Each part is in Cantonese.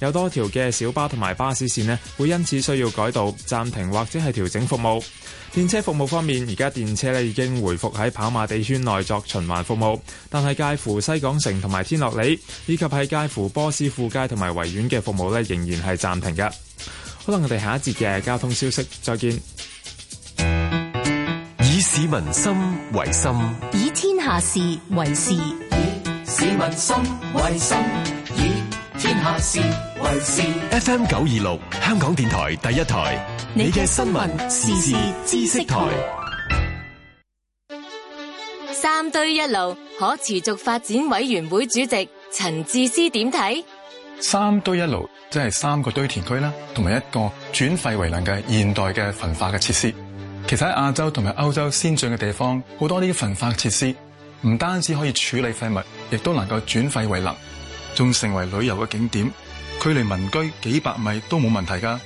有多條嘅小巴同埋巴士綫咧，會因此需要改道、暫停或者係調整服務。電車服務方面，而家電車咧已經回復喺跑馬地圈內作循環服務，但係介乎西港城同埋天樂里以及喺介乎波斯富街同埋維園嘅服務咧，仍然係暫停嘅。好啦，我哋下一節嘅交通消息，再見。以市民心為心，以天下事為事，以市民心為心，以天下事為事，FM 九二六香港電台第一台，你嘅新聞時事知識台。三堆一路可持續發展委員會主席陳智思點睇？三堆一路即係三個堆填區啦，同埋一個轉廢為能嘅現代嘅焚化嘅設施。其實喺亞洲同埋歐洲先進嘅地方，好多啲焚化設施唔單止可以處理廢物，亦都能夠轉廢為能。仲成為旅遊嘅景點，距離民居幾百米都冇問題㗎。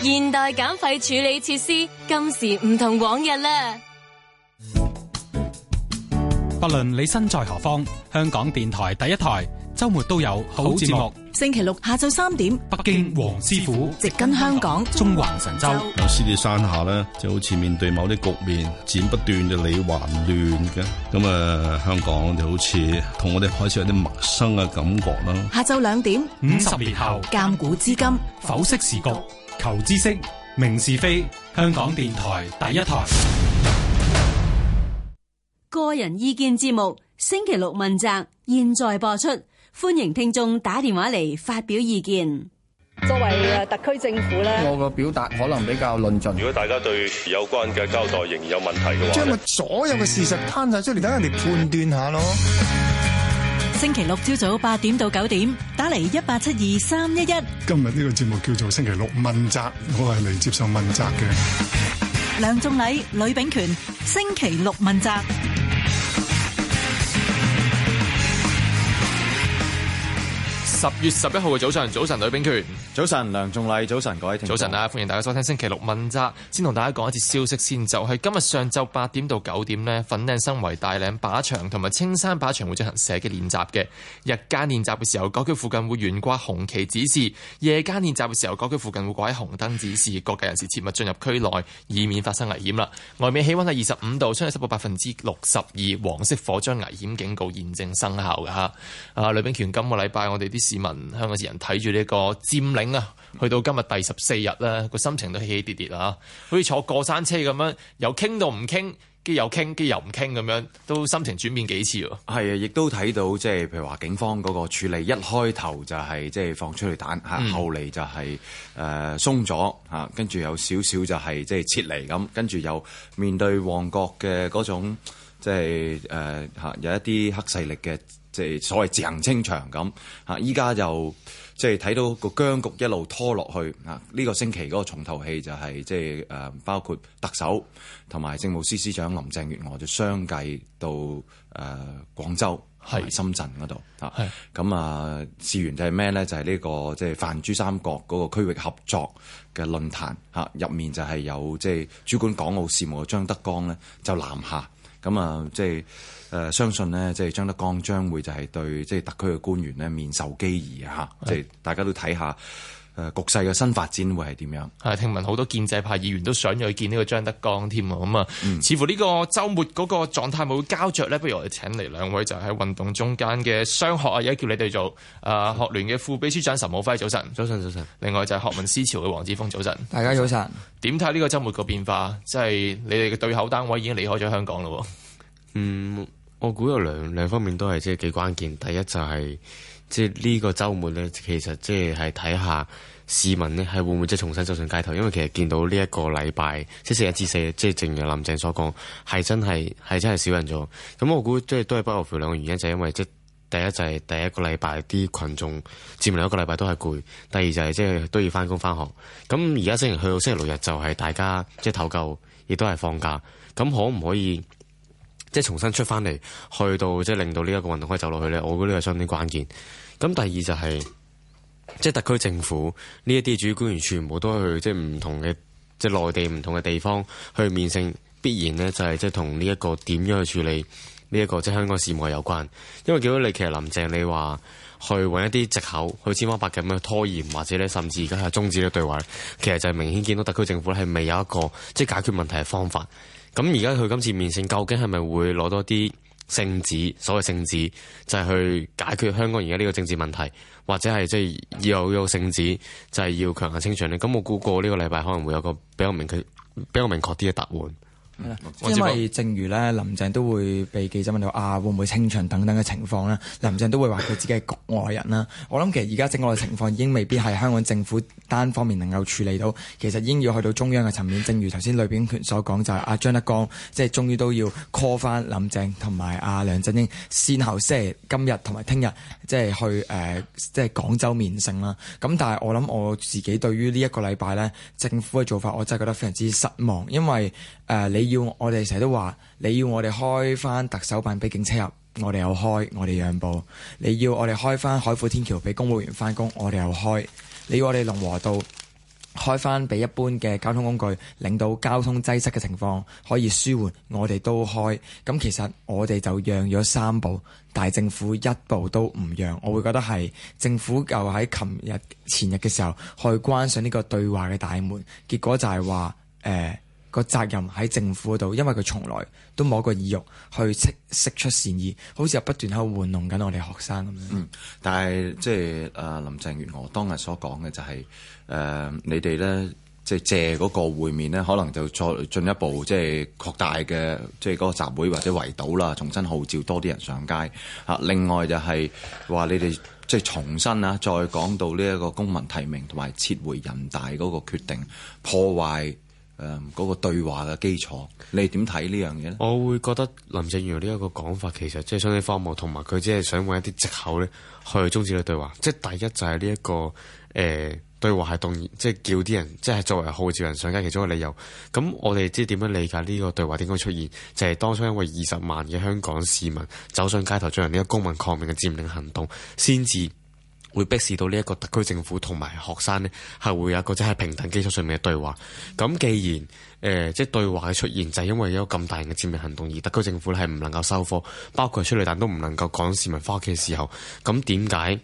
現代減廢處理設施，今時唔同往日啦。不論你身在何方，香港電台第一台周末都有好節目。星期六下晝三點，北京王師傅直跟香港，跟香港中環神州獅子山下咧，就好似面對某啲局面，剪不斷嘅理還亂嘅。咁啊，香港就好似同我哋開始有啲陌生嘅感覺啦。下晝兩點，五十年後鑑古知今，剖析時局，求知識明是非。香港電台第一台個人意見節目，星期六問責，現在播出。歡迎聽眾打電話嚟發表意見。作為特區政府咧，我個表達可能比較論盡。如果大家對有關嘅交代仍然有問題嘅話，將咪所有嘅事實攤晒出嚟，等、嗯、人哋判斷下咯。星期六朝早八點到九點，打嚟一八七二三一一。今日呢個節目叫做星期六問責，我係嚟接受問責嘅。梁仲禮、呂秉權，星期六問責。十月十一號嘅早上，早晨，呂秉權，早晨，梁仲禮，早晨，各位早晨啊，歡迎大家收聽星期六問責。先同大家講一次消息先，就係、是、今日上晝八點到九點呢，粉嶺生圍大嶺靶場同埋青山靶場會進行射擊練習嘅。日間練習嘅時候，該區附近會懸掛紅旗指示，夜間練習嘅時候，該區附近會掛紅燈指示，各界人士切勿進入區內，以免發生危險啦。外面氣温係二十五度，濕度百分之六十二，黃色火災危險警告現正生效嘅嚇。啊，呂秉權，今個禮拜我哋啲。市民、香港市民睇住呢個佔領啊，去到今日第十四日啦，個心情都起起跌跌啊。好似坐過山車咁樣，有傾到唔傾，跟住又傾，跟住又唔傾咁樣，都心情轉變幾次喎。係啊，亦都睇到即係譬如話警方嗰個處理，一開頭就係即係放出催淚彈，吓後嚟就係、是、誒、呃、鬆咗吓，跟住有少少就係即係撤離咁，跟住又面對旺角嘅嗰種即係誒吓有一啲黑勢力嘅。即係所謂自行清場咁，啊！依家就即係睇到個僵局一路拖落去，啊！呢個星期嗰個重頭戲就係即係誒，包括特首同埋政務司司長林鄭月娥就相繼到誒廣州、係深圳嗰度，啊係！咁啊事源就係咩咧？就係、係、呢、呢個即係泛珠三角嗰個區域合作嘅論壇，嚇入面就係有即係、就係、主管港澳事務嘅張德江咧，就南下。咁啊、嗯，即係誒、呃，相信呢，即係張德江將會就係對即係特區嘅官員呢，面授機宜吓，的即係大家都睇下。誒、呃，局勢嘅新發展會係點樣？係聽聞好多建制派議員都想去見呢個張德江添啊，咁、嗯、啊，似乎呢個周末嗰個狀態冇會交着咧？不如我哋請嚟兩位就喺、是、運動中間嘅商學啊，而家叫你哋做誒學聯嘅副秘書長岑敖暉，早晨，早晨，早晨，早晨。另外就係學民思潮嘅黃之鋒，早晨。大家早晨。點睇呢個周末個變化？即、就、係、是、你哋嘅對口單位已經離開咗香港咯。嗯，我估有兩兩方面都係即係幾關鍵。第一就係、是。即係呢個周末咧，其實即係睇下市民咧係會唔會即係重新走上街頭，因為其實見到呢一個禮拜即係四日至四即係正如林鄭所講，係真係係真係少人咗。咁我估即係都係不外乎兩個原因，就係、是、因為即係第一就係第一個禮拜啲羣眾佔完一個禮拜都係攰，第二就係即係都要翻工翻學。咁而家星期去到星期六日就係大家即係唞夠，亦都係放假，咁可唔可以即係重新出翻嚟，去到即係令到呢一個運動可以走落去咧？我覺得呢個相當關鍵。咁第二就係、是，即係特區政府呢一啲主要官員全部都去即係唔同嘅，即係內地唔同嘅地方去面聖，必然呢就係即係同呢一個點樣去處理呢、這、一個即係香港事務有關。因為見到你其實林鄭你話去揾一啲藉口去千方百計去拖延，或者呢，甚至而家係中止呢對話，其實就係明顯見到特區政府咧係未有一個即係解決問題嘅方法。咁而家佢今次面聖，究竟係咪會攞多啲？政治，所謂政治就係、是、去解決香港而家呢個政治問題，或者係即係要有個政治就係、是、要強行清場咧。咁我估過呢個禮拜可能會有個比較明確、比較明確啲嘅答案。嗯、因為正如咧，林鄭都會被記者問到啊，會唔會清場等等嘅情況咧？林鄭都會話佢自己係局外人啦。我諗其實而家整個嘅情況已經未必係香港政府單方面能夠處理到，其實已經要去到中央嘅層面。正如頭先呂秉權所講，就係、是、阿張德江即係終於都要 call 翻林鄭同埋阿梁振英，先後先係今日同埋聽日即係去誒即係廣州面聖啦。咁但係我諗我自己對於呢一個禮拜咧政府嘅做法，我真係覺得非常之失望，因為誒你。呃你要我哋成日都話，你要我哋開翻特首辦俾警車入，我哋又開，我哋讓步。你要我哋開翻海富天橋俾公務員翻工，我哋又開。你要我哋龍和道開翻俾一般嘅交通工具，令到交通擠塞嘅情況可以舒緩，我哋都開。咁其實我哋就讓咗三步，但係政府一步都唔讓。我會覺得係政府就喺琴日前日嘅時候可以關上呢個對話嘅大門，結果就係話誒。呃個責任喺政府度，因為佢從來都冇一個意欲去釋出善意，好似又不斷喺度玩弄緊我哋學生咁樣。嗯，但係即係阿林鄭月娥當日所講嘅就係，誒，你哋咧即係借嗰個會面咧，可能就再進一步即係擴大嘅即係嗰個集會或者圍堵啦，重新號召多啲人上街啊。另外就係話你哋即係重新啊，再講到呢一個公民提名同埋撤回人大嗰個決定，破壞。誒，嗰、嗯那個對話嘅基礎，你點睇呢樣嘢咧？我會覺得林鄭月娥呢一個講法，其實即係想你發夢，同埋佢只係想揾一啲藉口咧，去終止呢個對話。即係第一就係呢一個誒、呃，對話係動，即係叫啲人，即係作為號召人上街其中一個理由。咁我哋即係點樣理解呢個對話點解出現？就係、是、當初因為二十萬嘅香港市民走上街頭進行呢個公民抗命嘅佔領行動，先至。會迫使到呢一個特區政府同埋學生咧，係會有一個即係平等基礎上面嘅對話。咁既然誒、呃、即係對話嘅出現，就係因為有咁大型嘅佔領行動，而特區政府係唔能夠收貨，包括出嚟，但都唔能夠趕市民返屋企嘅時候，咁點解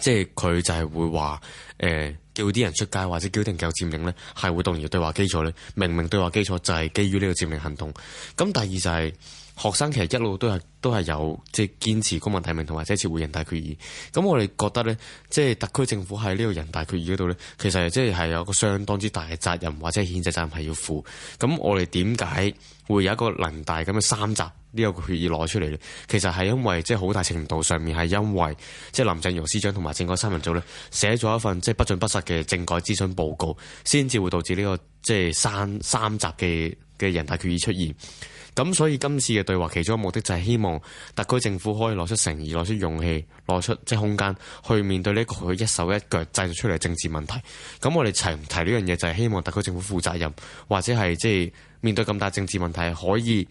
即係佢就係會話誒、呃、叫啲人出街，或者叫定叫佔領呢，係會動搖對話基礎咧？明明對話基礎就係基於呢個佔領行動。咁第二就係、是。學生其實一路都係都係有即係堅持公民提名同埋撤回人大決議。咁我哋覺得呢，即係特區政府喺呢個人大決議嗰度呢，其實即係係有個相當之大嘅責任或者係憲制責任係要負。咁我哋點解會有一個人大咁嘅三集呢個決議攞出嚟呢？其實係因為即係好大程度上面係因為即係、就是、林鄭月娥司長同埋政改三人組呢，寫咗一份即係不盡不實嘅政改諮詢報告，先至會導致呢、這個即係、就是、三三集嘅嘅人大決議出現。咁所以今次嘅對話，其中一個目的就係希望特區政府可以攞出誠意、攞出勇氣、攞出即係空間去面對呢個佢一手一腳製造出嚟嘅政治問題。咁我哋提唔提呢樣嘢，就係希望特區政府負責任，或者係即係面對咁大政治問題可以。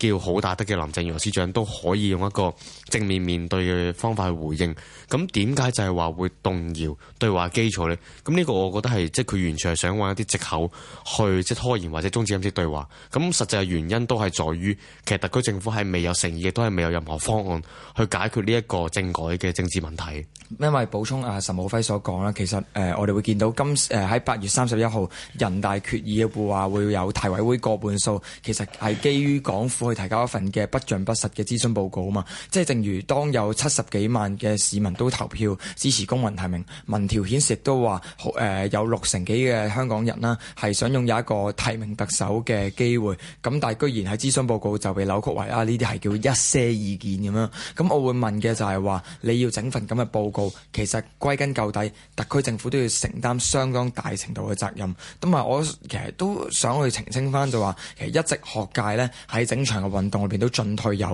叫好打得嘅林鄭月娥司長都可以用一個正面面對嘅方法去回應，咁點解就係話會動搖對話基礎呢？咁呢個我覺得係即係佢完全係想搵一啲藉口去即係拖延或者終止今次對話。咁實際嘅原因都係在於，其實特區政府係未有誠意，都係未有任何方案去解決呢一個政改嘅政治問題。因為補充阿岑、啊、敖暉所講啦，其實誒、呃、我哋會見到今誒喺八月三十一號人大決議嘅話會有提委會過半數，其實係基於港府。去提交一份嘅不盡不實嘅諮詢報告啊嘛，即係正如當有七十幾萬嘅市民都投票支持公民提名，民調顯示亦都話誒有六成幾嘅香港人啦係想擁有一個提名特首嘅機會，咁但係居然喺諮詢報告就被扭曲為啊呢啲係叫一些意見咁樣，咁我會問嘅就係話你要整份咁嘅報告，其實歸根究底，特區政府都要承擔相當大程度嘅責任，咁啊我其實都想去澄清翻就話其實一直學界呢喺整場。個運動裏邊都進退有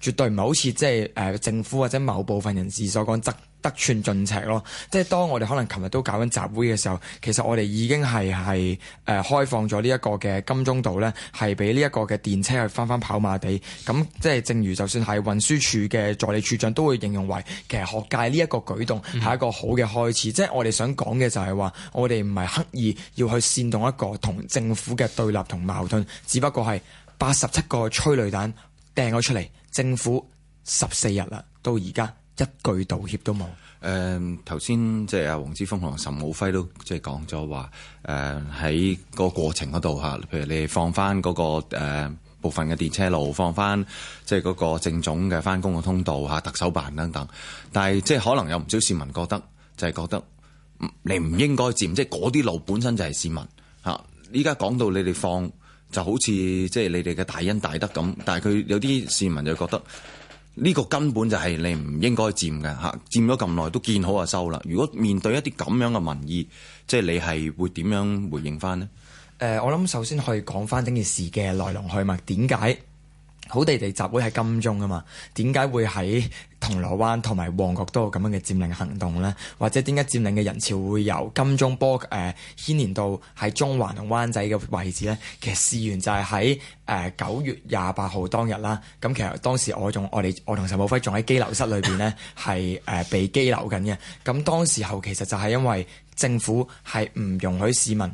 據，絕對唔係好似即係誒、呃、政府或者某部分人士所講得得寸進尺咯。即係當我哋可能琴日都搞緊集會嘅時候，其實我哋已經係係誒開放咗呢一個嘅金鐘道呢，係俾呢一個嘅電車去翻翻跑馬地。咁即係正如就算係運輸署嘅助理處長都會形容為，其實學界呢一個舉動係一個好嘅開始。嗯、即係我哋想講嘅就係話，我哋唔係刻意要去煽動一個同政府嘅對立同矛盾，只不過係。八十七個催淚彈掟咗出嚟，政府十四日啦，到而家一句道歉都冇。誒、呃，頭先即係阿黃之鋒同岑敖暉都即係講咗話，誒、呃、喺個過程嗰度吓，譬如你哋放返嗰、那個誒、呃、部分嘅電車路，放返即係嗰個政總嘅返工嘅通道吓，特首辦等等，但係即係可能有唔少市民覺得就係、是、覺得你唔應該佔，即係嗰啲路本身就係市民吓，依家講到你哋放。就好似即係你哋嘅大恩大德咁，但係佢有啲市民就覺得呢個根本就係你唔應該佔嘅嚇，佔咗咁耐都見好就收啦。如果面對一啲咁樣嘅民意，即係你係會點樣回應翻呢？誒、呃，我諗首先可以講翻整件事嘅來龍去脈，點解。好地地集會喺金鐘啊嘛，點解會喺銅鑼灣同埋旺角都有咁樣嘅佔領行動咧？或者點解佔領嘅人潮會由金鐘波誒、呃、牽連到喺中環同灣仔嘅位置咧？其實事源就係喺誒九月廿八號當日啦。咁、啊、其實當時我仲我哋我同岑敖暉仲喺羈留室裏邊咧，係誒、 啊、被羈留緊嘅。咁、啊、當時候其實就係因為政府係唔容許市民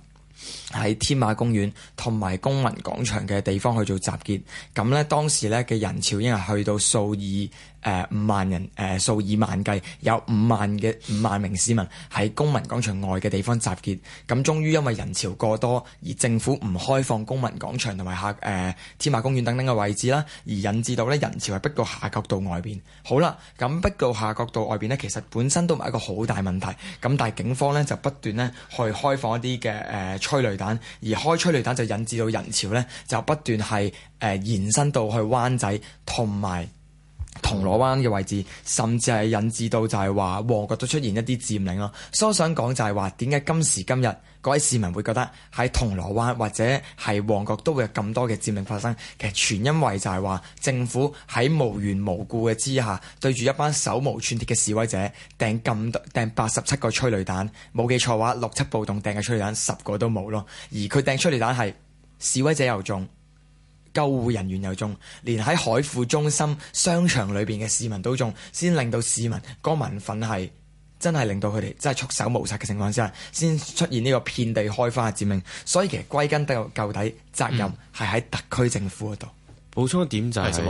喺添馬公園同埋公民廣場嘅地方去做集結，咁呢，當時呢嘅人潮已經係去到數以誒、呃、五萬人誒數、呃、以萬計，有五萬嘅五萬名市民喺公民廣場外嘅地方集結，咁終於因為人潮過多而政府唔開放公民廣場同埋下誒、呃、添馬公園等等嘅位置啦，而引致到呢人潮係逼到夏慤道外邊。好啦，咁逼到夏慤道外邊呢，其實本身都唔係一個好大問題，咁但係警方呢，就不斷呢去開放一啲嘅誒催淚彈。而開催淚彈，就引致到人潮呢，就不斷係誒、呃、延伸到去灣仔同埋銅鑼灣嘅位置，甚至係引致到就係話旺角都出現一啲佔領咯。所以我想講就係話，點解今時今日，各位市民會覺得喺銅鑼灣或者係旺角都會有咁多嘅佔領發生，其實全因為就係話政府喺無緣無故嘅之下，對住一班手無寸鐵嘅示威者，掟咁掟八十七個催淚彈，冇記錯話六七暴動掟嘅催淚彈十個都冇咯，而佢掟催淚彈係示威者又中，救護人員又中，連喺海富中心商場裏邊嘅市民都中，先令到市民個民憤係。真係令到佢哋真係束手無策嘅情況之下，先出現呢個遍地開花嘅佔領。所以其實歸根到底責任係喺特區政府嗰度，嗯。補充一點就係、是、誒，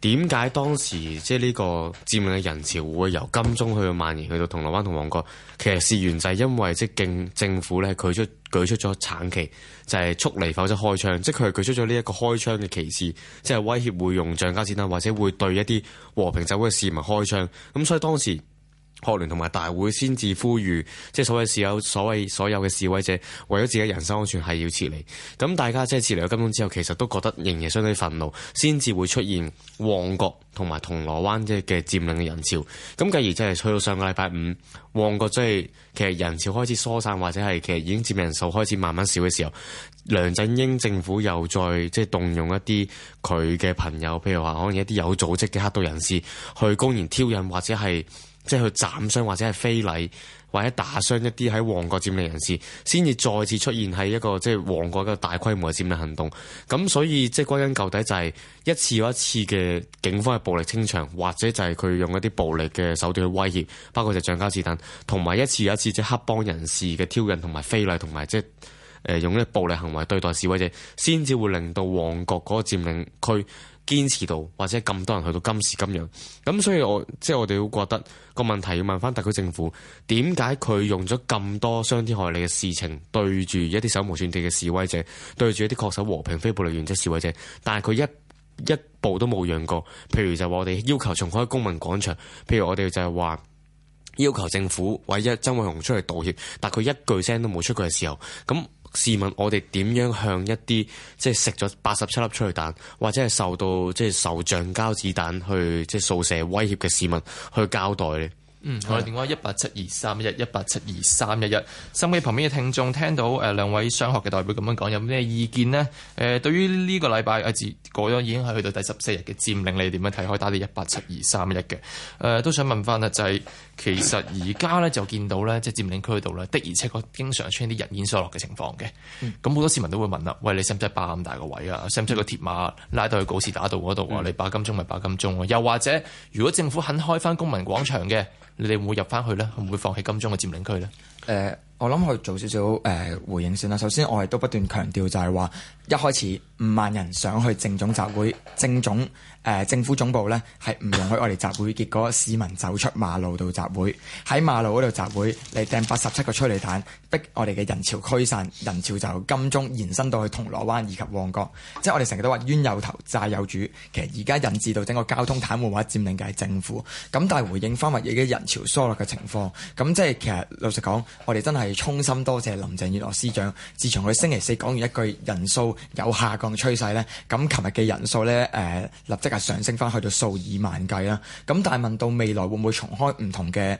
點解、嗯呃、當時即係呢個佔領嘅人潮會由金鐘去到蔓延去到銅鑼灣同旺角？其實事源就係因為即係政府咧，舉出舉出咗橙旗，就係、是、速離否則開槍，即係佢係舉出咗呢一個開槍嘅歧視，即係威脅會用橡膠劍啊，或者會對一啲和平集會嘅市民開槍。咁所以當時。學聯同埋大會先至呼籲，即係所謂示威、所謂所有嘅示威者，為咗自己人身安全係要撤離。咁大家即係撤離咗金鐘之後，其實都覺得仍然相當憤怒，先至會出現旺角同埋銅鑼灣即係嘅佔領嘅人潮。咁繼而即係去到上個禮拜五，旺角即係其實人潮開始疏散，或者係其實已經佔領人數開始慢慢少嘅時候，梁振英政府又再即係動用一啲佢嘅朋友，譬如話可能一啲有組織嘅黑道人士去公然挑釁，或者係。即係去斬傷或者係非禮或者打傷一啲喺旺角佔領人士，先至再次出現喺一個即係旺角一個大規模嘅佔領行動。咁所以即係歸根究底就係、是、一次又一次嘅警方嘅暴力清場，或者就係佢用一啲暴力嘅手段去威脅，包括就係橡膠子彈，同埋一次有一次即係黑幫人士嘅挑釁同埋非禮同埋即係誒、呃、用一啲暴力行為對待示威者，先至會令到旺角嗰個佔領區堅持到或者咁多人去到今時今日，咁，所以我即係我哋會覺得個問題要問翻特區政府，點解佢用咗咁多傷天害理嘅事情對住一啲手無寸鐵嘅示威者，對住一啲恪守和平非暴力原則示威者，但係佢一一步都冇讓過。譬如就話我哋要求重開公民廣場，譬如我哋就係話要求政府或者曾偉雄出嚟道歉，但佢一句聲都冇出嘅時候，咁。市民，我哋點樣向一啲即係食咗八十七粒催淚彈，或者係受到即係受橡膠子彈去即係掃射威脅嘅市民去交代呢？嗯，吧我哋電話一八七二三一一八七二三一一，收機旁邊嘅聽眾聽到誒兩、呃、位商學嘅代表咁樣講，有咩意見呢？誒、呃，對於呢個禮拜阿治過咗已經係去到第十四日嘅佔領，你點樣睇？可以打啲一八七二三一嘅。誒、呃，都想問翻，咧，就係、是。 其實而家咧就見到咧，即佔領區度咧，的而且確經常出現啲人煙疏落嘅情況嘅、嗯。咁好多市民都會問啦：喂，你使唔使霸咁大個位啊？使唔使個鐵馬拉到去告士打道嗰度啊？嗯、你霸金鐘咪霸金鐘啊？又或者如果政府肯開翻公民廣場嘅，你哋會唔會入翻去咧？嗯、會唔會放棄金鐘嘅佔領區咧？誒、呃，我諗去做少少誒回應先啦。首先，我哋都不斷強調就係話，一開始五萬人想去政總集會，政總，誒、呃、政府總部咧係唔容許我哋集會，結果市民走出馬路度集會，喺馬路嗰度集會嚟掟八十七個催淚彈。逼我哋嘅人潮驅散，人潮就金鐘延伸到去銅鑼灣以及旺角，即係我哋成日都話冤有頭債有主，其實而家引致到整個交通癱瘓或者佔領嘅係政府，咁但係回應翻話亦都人潮疏落嘅情況，咁即係其實老實講，我哋真係衷心多謝林鄭月娥司長，自從佢星期四講完一句人數有下降趨勢呢，咁琴日嘅人數呢，誒、呃、立即係上升翻去到數以萬計啦，咁但係問到未來會唔會重開唔同嘅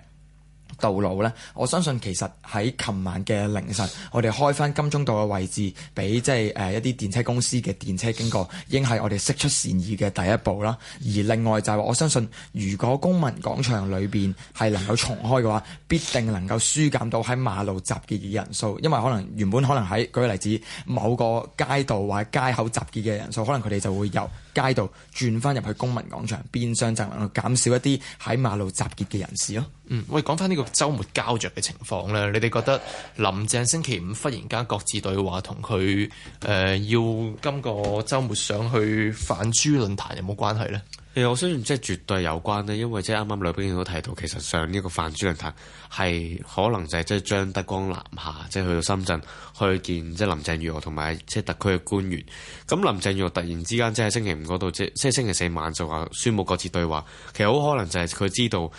道路呢，我相信其實喺琴晚嘅凌晨，我哋開翻金鐘道嘅位置俾即係誒一啲電車公司嘅電車經過，已經係我哋釋出善意嘅第一步啦。而另外就係話，我相信如果公民廣場裏邊係能夠重開嘅話，必定能夠疏減到喺馬路集結嘅人數，因為可能原本可能喺舉個例子，某個街道或者街口集結嘅人數，可能佢哋就會有。街度轉翻入去公民廣場，變相就能夠減少一啲喺馬路集結嘅人士咯。嗯，喂，講翻呢個週末膠着嘅情況啦，你哋覺得林鄭星期五忽然間各自對話，同佢誒要今個週末上去泛珠論壇有冇關係咧？誒、欸，我相信即係絕對有關咧，因為即係啱啱呂秉權都提到，其實上呢個泛珠論壇係可能就係即係張德江南下，即係去到深圳去見即係林鄭月娥同埋即係特區嘅官員。咁林鄭月娥突然之間即係星期五嗰度，即係星期四晚就話宣佈擱置對話，其實好可能就係佢知道。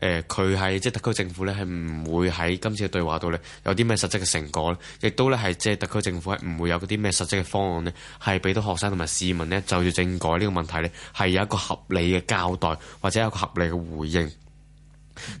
誒佢喺即係特區政府咧，係唔會喺今次嘅對話度咧有啲咩實質嘅成果咧，亦都咧係即係特區政府係唔會有啲咩實質嘅方案咧，係俾到學生同埋市民咧就住政改呢個問題咧係有一個合理嘅交代或者有一個合理嘅回應。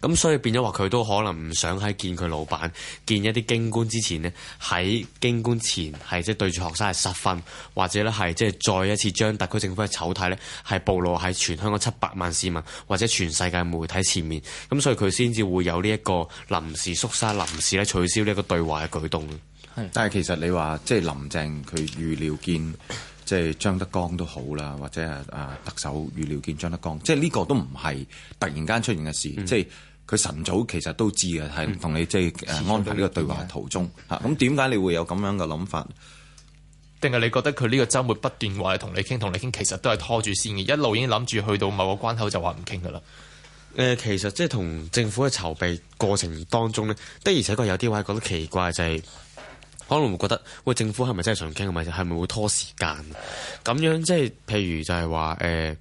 咁、嗯、所以變咗話，佢都可能唔想喺見佢老闆、見一啲京官之前呢，喺京官前係即係對住學生係失分，或者咧係即係再一次將特區政府嘅醜態呢係暴露喺全香港七百萬市民或者全世界媒體前面。咁所以佢先至會有呢一個臨時縮沙、臨時咧取消呢一個對話嘅舉動係是但係其實你話即係林鄭佢預料見。 即係張德江都好啦，或者啊啊特首預料見張德江，即係呢個都唔係突然間出現嘅事。嗯、即係佢晨早其實都知嘅，係同你、嗯、即係安排呢個對話途中。咁點解你會有咁樣嘅諗法？定係你覺得佢呢個周末不斷話同你傾、同你傾，其實都係拖住先，嘅，一路已經諗住去到某個關口就話唔傾㗎啦。誒、呃，其實即係同政府嘅籌備過程當中咧，的而且確有啲話覺得奇怪就係、係。可能會覺得，喂，政府係咪真係想傾？係咪係咪會拖時間？咁樣即係譬如就係話，誒，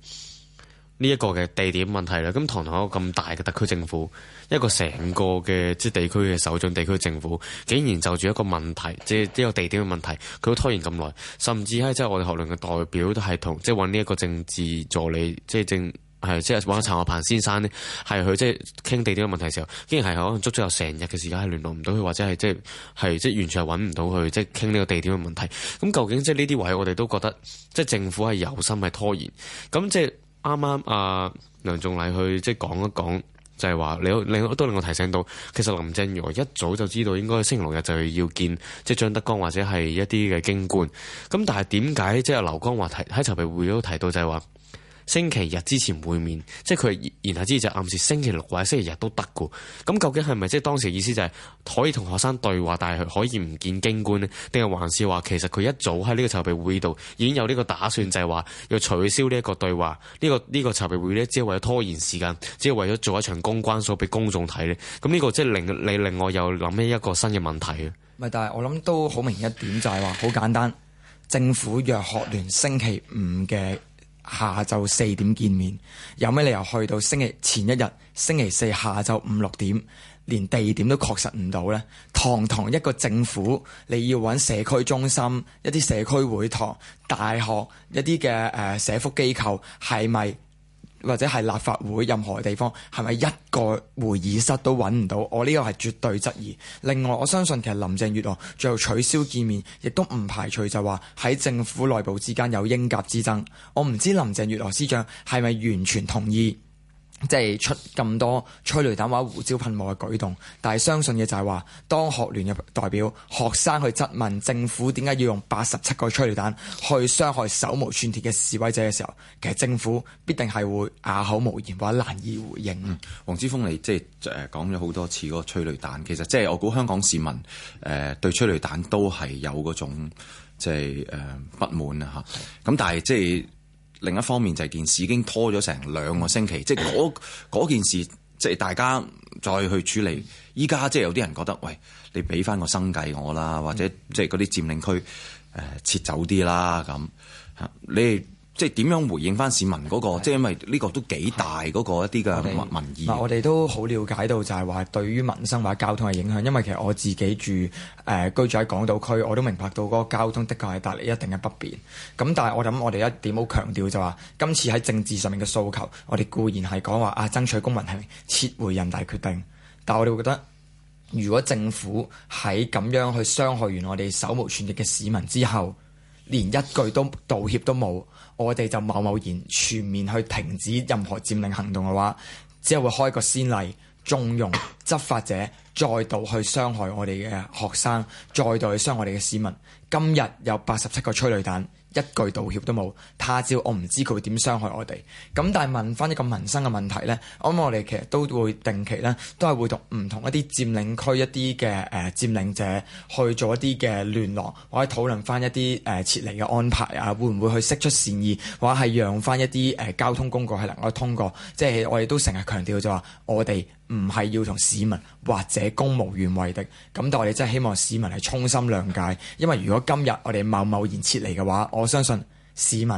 呢一個嘅地點問題啦，咁堂堂一個咁大嘅特區政府，一個成個嘅即係地區嘅首長地區政府，竟然就住一個問題，即係呢個地點嘅問題，佢都拖延咁耐，甚至係即係我哋學聯嘅代表都係同即係搵呢一個政治助理，即係政。係即係話陳雲蓬先生呢，係佢即係傾地點嘅問題時候，竟然係可能足足有成日嘅時間係聯絡唔到佢，或者係即係係即係完全係揾唔到佢，即係傾呢個地點嘅問題。咁究竟即係呢啲位，我哋都覺得即係政府係有心係拖延。咁即係啱啱阿梁仲禮去即係講一講，就係話你你都令我提醒到，其實林鄭月娥一早就知道應該星期六日就要見即係張德江或者係一啲嘅京官。咁但係點解即係劉江華提喺籌備會都提到就係話？星期日之前會面，即係佢，然後之就暗示星期六或者星期日都得嘅。咁究竟係咪即係當時意思就係可以同學生對話，但係佢可以唔見京官呢？定係還是話其實佢一早喺呢個籌備會度已經有呢個打算，就係、是、話要取消呢一個對話，呢、呢個呢、呢個籌備會呢，只係為咗拖延時間，只係為咗做一場公關，數俾公眾睇呢。咁呢個即係令你另外又諗起一個新嘅問題嘅。咪但係我諗都好明顯一點就係話好簡單，政府約學聯星期五嘅。下晝四點見面，有咩理由去到星期前一日、星期四下晝五六點，連地點都確實唔到呢？堂堂一個政府，你要揾社區中心、一啲社區會堂、大學、一啲嘅誒社福機構，係咪？或者係立法會任何地方，係咪一個會議室都揾唔到？我呢個係絕對質疑。另外，我相信其實林鄭月娥最後取消見面，亦都唔排除就話喺政府內部之間有鷹鴿之爭。我唔知林鄭月娥司長係咪完全同意。即係出咁多催淚彈或者胡椒噴霧嘅舉動，但係相信嘅就係話，當學聯嘅代表學生去質問政府點解要用八十七個催淚彈去傷害手無寸鐵嘅示威者嘅時候，其實政府必定係會啞口無言或者難以回應，嗯。黃之鋒，你即係誒、呃、講咗好多次嗰個催淚彈，其實即係我估香港市民誒、呃、對催淚彈都係有嗰種即係誒、呃、不滿啊嚇。咁但係即係。另一方面就係、是、件事已經拖咗成兩個星期，即係嗰件事，即係大家再去處理。依家即係有啲人覺得，喂，你俾翻個生計我啦，或者即係嗰啲佔領區誒、呃、撤走啲啦咁吓你。即係點樣回應翻市民嗰個？即係因為呢個都幾大嗰個一啲嘅民意。我哋都好了解到就係話，對於民生或者交通嘅影響。因為其實我自己住誒、呃、居住喺港島區，我都明白到嗰個交通的確係帶嚟一定嘅不便。咁但係我諗，我哋一點好強調就話，今次喺政治上面嘅訴求，我哋固然係講話啊爭取公民提名，撤回人大決定，但係我哋會覺得，如果政府喺咁樣去傷害完我哋手無寸鐵嘅市民之後，連一句都道歉都冇，我哋就貿貿然全面去停止任何佔領行動嘅話，只會開個先例，縱容執法者再度去傷害我哋嘅學生，再度去傷害我哋嘅市民。今日有八十七個催淚彈。一句道歉都冇，他朝我唔知佢會點傷害我哋。咁但係問翻一個民生嘅問題咧，咁我哋其實都會定期咧，都係會同唔同一啲佔領區一啲嘅誒佔領者去做一啲嘅聯絡，或者討論翻一啲誒撤離嘅安排啊，會唔會去釋出善意，或者係讓翻一啲誒、呃、交通工具係能夠通過，即係我哋都成日強調就話我哋。唔係要同市民或者公務員為敵，咁但我哋真係希望市民係衷心諒解，因為如果今日我哋貿貿然撤離嘅話，我相信市民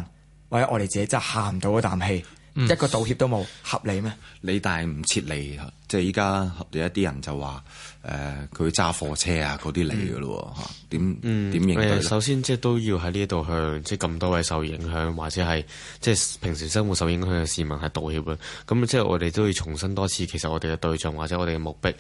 或者我哋自己真係下唔到一啖氣，嗯、一個道歉都冇，合理咩？你但係唔撤離，即係依家有一啲人就話誒，佢、呃、揸貨車啊嗰啲嚟嘅咯點點、嗯呃、首先即係都要喺呢一度向即係咁多位受影響或者係即係平時生活受影響嘅市民係道歉啦。咁即係我哋都要重申多次，其實我哋嘅對象或者我哋嘅目的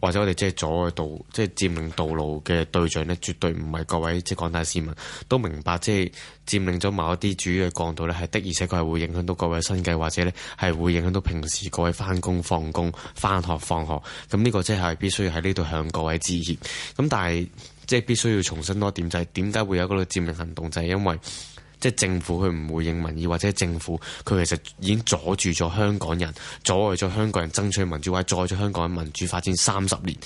或者我哋即係阻礙道即係佔領道路嘅對象呢，絕對唔係各位即係廣大市民都明白，即係佔領咗某一啲主要嘅幹道呢，係的，而且確係會影響到各位嘅生計或者呢，係會影響到平時各位翻工放工、翻學、放學。咁呢個即係必須要喺呢度向各位致歉。咁但係。即係必須要重申多點就係點解會有嗰個佔領行動？就係、是、因為即係、就是、政府佢唔回應民意，或者政府佢其實已經阻住咗香港人，阻礙咗香港人爭取民主，或者阻咗香港嘅民主發展三十年。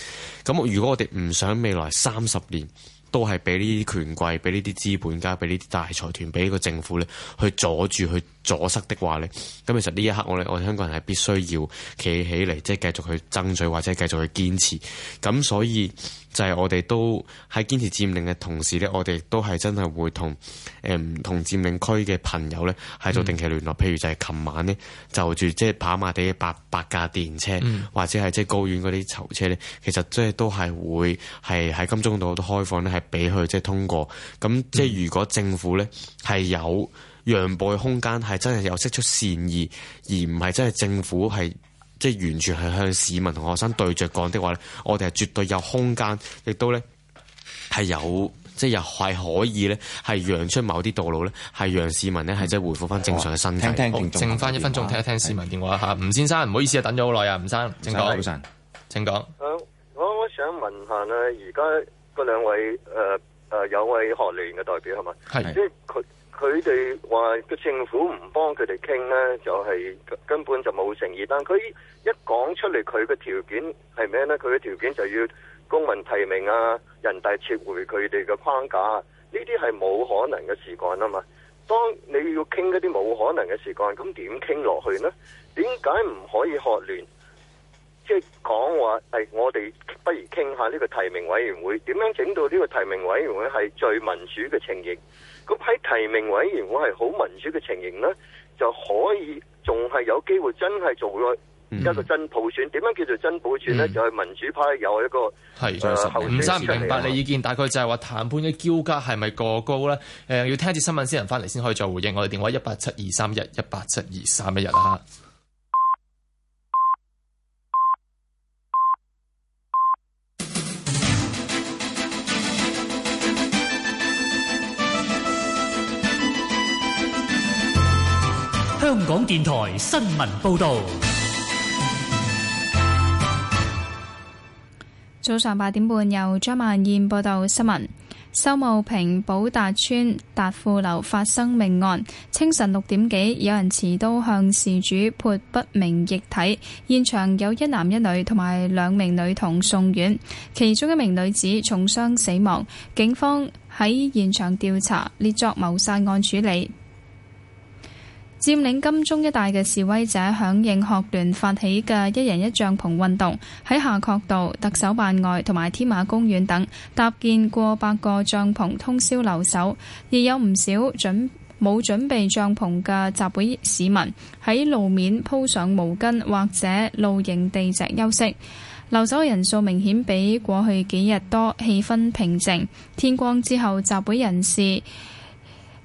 咁如果我哋唔想未來三十年都係俾呢啲權貴、俾呢啲資本家、俾呢啲大財團、俾呢個政府咧去阻住、去阻塞的話咧，咁其實呢一刻我哋我哋香港人係必須要企起嚟，即、就、係、是、繼續去爭取，或者係繼續去堅持。咁所以。就係我哋都喺堅持佔領嘅同時呢，我哋都係真係會同誒唔同佔領區嘅朋友呢喺度定期聯絡。譬、嗯、如就係琴晚呢，就住即係跑馬地嘅八百架電車，嗯、或者係即係高院嗰啲囚車呢，其實即係都係會係喺金鐘道都開放呢係俾佢即係通過。咁即係如果政府呢係有讓步嘅空間，係真係有釋出善意，而唔係真係政府係。即係完全係向市民同學生對着講的話咧，我哋係絕對有空間，亦都咧係有，即係又係可以咧，係讓出某啲道路咧，係讓市民咧係即係回復翻正常嘅身體。剩翻一分鐘，聽一聽市民電話吓，吳先生，唔好意思啊，等咗好耐啊，吳生，請講，早晨，請講。我我想問下咧，而家嗰兩位誒誒有位學聯嘅代表係咪？係，即係佢。佢哋話個政府唔幫佢哋傾呢，就係根本就冇誠意。但佢一講出嚟，佢嘅條件係咩呢？佢嘅條件就要公民提名啊，人大撤回佢哋嘅框架啊，呢啲係冇可能嘅事幹啊嘛。當你要傾一啲冇可能嘅事幹，咁點傾落去呢？點解唔可以學聯？即係講話，係我哋不如傾下呢個提名委員會點樣整到呢個提名委員會係最民主嘅情形。咁喺提名委員會係好民主嘅情形呢，就可以仲係有機會真係做咗一個真普選。點樣叫做真普選呢？就係民主派有一個係，唔三唔明白你意見，大概就係話談判嘅叫價係咪過高呢？誒，要聽住新聞先，人翻嚟，先可以再回應我哋電話一八七二三一一八七二三一一啊！香港電台新聞報道：早上八點半，由張萬燕報道新聞。秀茂坪寶達村達富樓發生命案，清晨六點幾，有人持刀向事主潑不明液體，現場有一男一女同埋兩名女童送院，其中一名女子重傷死亡。警方喺現場調查，列作謀殺案處理。佔領金鐘一帶嘅示威者，響應學聯發起嘅一人一帳篷運動，喺夏慤道、特首辦外同埋添馬公園等搭建過百個帳篷，通宵留守。亦有唔少準冇準備帳篷嘅集會市民，喺路面鋪上毛巾或者露營地席休息。留守人數明顯比過去幾日多，氣氛平靜。天光之後，集會人士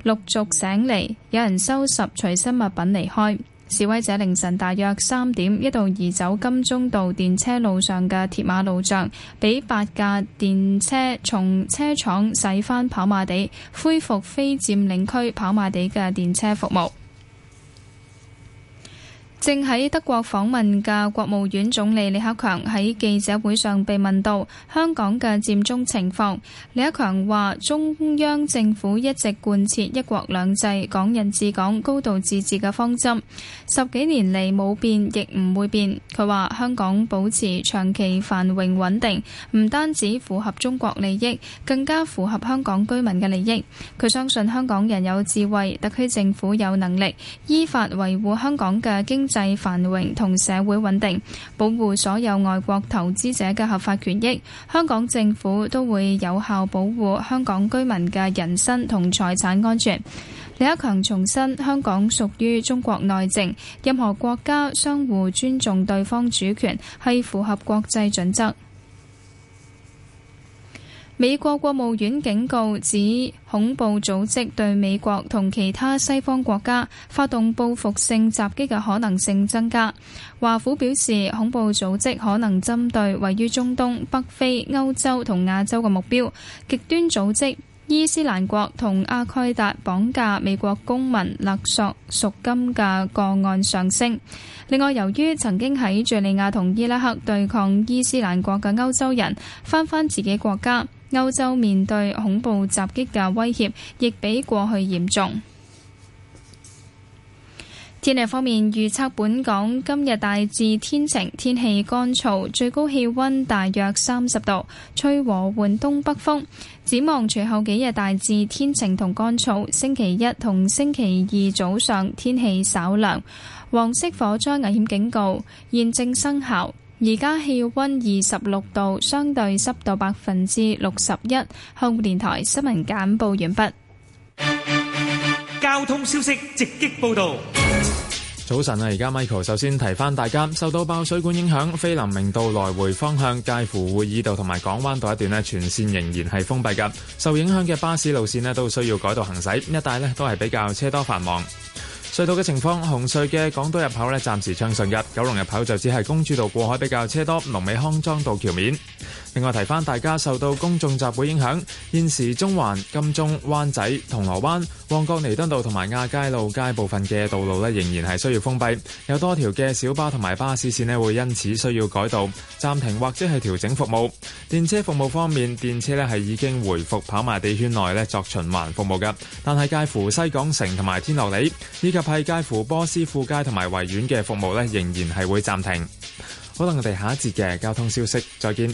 陸續醒嚟，有人收拾隨身物品離開。示威者凌晨大約三點，一度移走金鐘道電車路上嘅鐵馬路障，畀八架電車從車廠駛返跑馬地，恢復非佔領區跑馬地嘅電車服務。正喺德國訪問嘅國務院總理李克強喺記者會上被問到香港嘅佔中情況，李克強話中央政府一直貫徹一國兩制、港人治港、高度自治嘅方針十幾年嚟冇變，亦唔會變。佢話香港保持長期繁榮穩定，唔單止符合中國利益，更加符合香港居民嘅利益。佢相信香港人有智慧，特區政府有能力，依法維護香港嘅經濟制繁榮同社會穩定，保護所有外國投資者嘅合法權益。香港政府都會有效保護香港居民嘅人身同財產安全。李克強重申，香港屬於中國內政，任何國家相互尊重對方主權，係符合國際準則。美國國務院警告指，恐怖組織對美國同其他西方國家發動報復性襲擊嘅可能性增加。華府表示，恐怖組織可能針對位於中東、北非、歐洲同亞洲嘅目標。極端組織伊斯蘭國同阿奎達綁架美國公民勒索贖金嘅個案上升。另外，由於曾經喺敘利亞同伊拉克對抗伊斯蘭國嘅歐洲人翻返自己國家。歐洲面對恐怖襲擊嘅威脅，亦比過去嚴重。天氣方面預測，預測本港今日大致天晴，天氣乾燥，最高氣温大約三十度，吹和緩東北風。展望隨後幾日大致天晴同乾燥，星期一同星期二早上天氣稍涼。黃色火災危險警告現正生效。而家氣溫二十六度，相對濕度百分之六十一。香港電台新聞簡報完畢。交通消息直擊報道。早晨啊，而家 Michael 首先提翻大家，受到爆水管影響，菲林明道來回方向介乎會議道同埋港灣道一段咧，全線仍然係封閉噶。受影響嘅巴士路線咧，都需要改道行駛，一帶咧都係比較車多繁忙。隧道嘅情況，紅隧嘅港島入口呢，暫時暢順，入九龍入口就只係公主道過海比較車多，龍尾康莊道橋面。另外提翻，大家受到公眾集會影響，現時中環、金鐘、灣仔、銅鑼灣、旺角、彌敦道同埋亞皆老街部分嘅道路咧，仍然係需要封閉。有多條嘅小巴同埋巴士線咧，會因此需要改道、暫停或者係調整服務。電車服務方面，電車咧係已經回復跑馬地圈內咧作循環服務噶，但係介乎西港城同埋天樂里以及係介乎波斯富街同埋維園嘅服務咧，仍然係會暫停。好啦，我哋下一節嘅交通消息再見。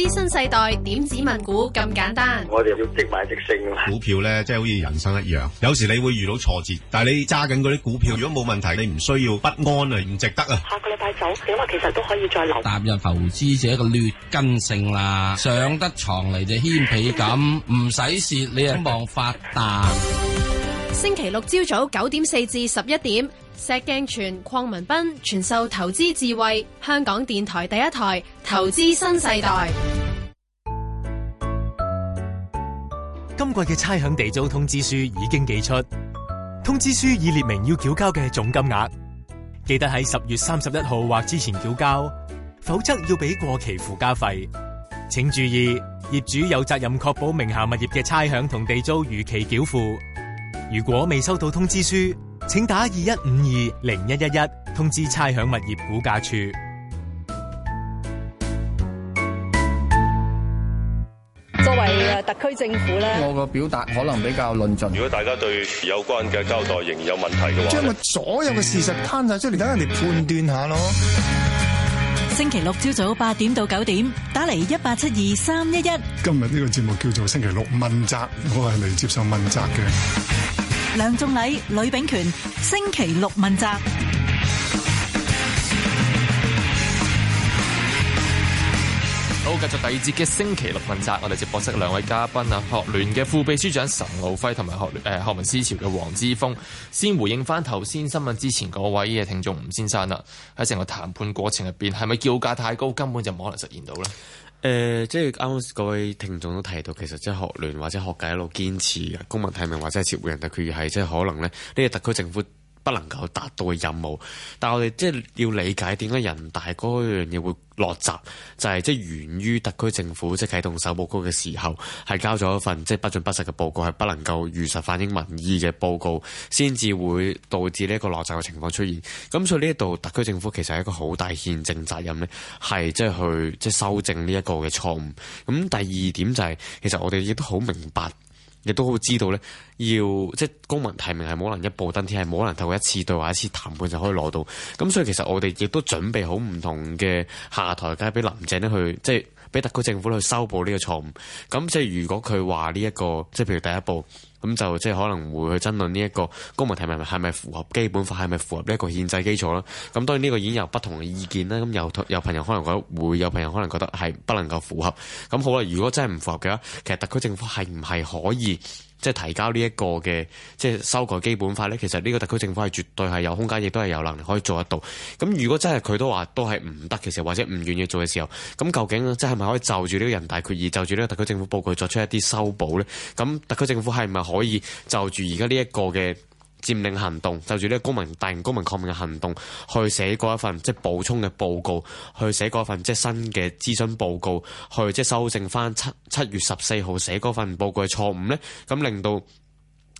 資新世代點止問股咁簡單？我哋要直買直升股票咧，即係好似人生一樣，有時你會遇到挫折，但係你揸緊嗰啲股票，如果冇問題，你唔需要不安啊，唔值得啊。下個禮拜走，咁啊，其實都可以再留。踏入投資者嘅劣根性啦，上得床嚟就掀起咁，唔使蝕，你又 望發達。星期六朝早九點四至十一點，石鏡泉、鄺文斌傳授投資智慧。香港電台第一台《投資新世代》。今季嘅差餉地租通知書已經寄出，通知書已列明要繳交嘅總金額，記得喺十月三十一號或之前繳交，否則要俾過期附加費。請注意，業主有責任確保名下物業嘅差餉同地租如期繳付。如果未收到通知書，請打二一五二零一一一通知差響物業估價處。作為特區政府呢，我個表達可能比較論盡。如果大家對有關嘅交代仍然有問題嘅話，將個所有嘅事實攤晒出嚟，等、嗯、人哋判斷下咯。星期六朝早八點到九點，打嚟一八七二三一一。今日呢個節目叫做星期六問責，我係嚟接受問責嘅。梁仲禮、呂秉權，星期六問責。好，繼續第二節嘅星期六問責，我哋直播室嘅兩位嘉賓啊，學聯嘅副秘書長岑敖暉同埋學聯誒學民思潮嘅黃之鋒，先回應翻頭先新聞之前嗰位嘅聽眾吳先生啦。喺成個談判過程入邊，係咪叫價太高，根本就冇可能實現到咧？誒、呃，即係啱，各位聽眾都提到，其實即係學聯或者學界一路堅持嘅公民提名，或者係撤換人大決議係即係可能咧。呢、這個特區政府。不能夠達到嘅任務，但係我哋即係要理解點解人大嗰樣嘢會落閘，就係即係源於特區政府即係啟動首報局嘅時候，係交咗一份即係不盡不實嘅報告，係不能夠如實反映民意嘅報告，先至會導致呢一個落閘嘅情況出現。咁所以呢一度特區政府其實係一個好大憲政責任呢，係即係去即係修正呢一個嘅錯誤。咁第二點就係、是、其實我哋亦都好明白。亦都好知道咧，要即公民提名係冇可能一步登天，係冇可能透過一次對話、一次談判就可以攞到。咁所以其實我哋亦都準備好唔同嘅下台階，係俾林鄭咧去即俾特區政府去修補呢個錯誤。咁即如果佢話呢一個，即譬如第一步。咁就即係可能會去爭論呢一個公民提名係咪符合基本法，係咪符合呢一個憲制基礎啦？咁當然呢個已經有不同嘅意見啦。咁有有朋友可能覺得會有朋友可能覺得係不能夠符合。咁好啦，如果真係唔符合嘅話，其實特區政府係唔係可以？即係提交呢一個嘅即係修改基本法呢，其實呢個特區政府係絕對係有空間，亦都係有能力可以做得到。咁如果真係佢都話都係唔得嘅時候，或者唔願意做嘅時候，咁究竟即係咪可以就住呢個人大決議，就住呢個特區政府報告作出一啲修補呢？咁特區政府係咪可以就住而家呢一個嘅？佔領行動就住呢個公民大型公民抗命嘅行動，去寫過一份即係補充嘅報告，去寫過一份即係新嘅諮詢報告，去即係修正翻七七月十四號寫嗰份報告嘅錯誤呢，咁令到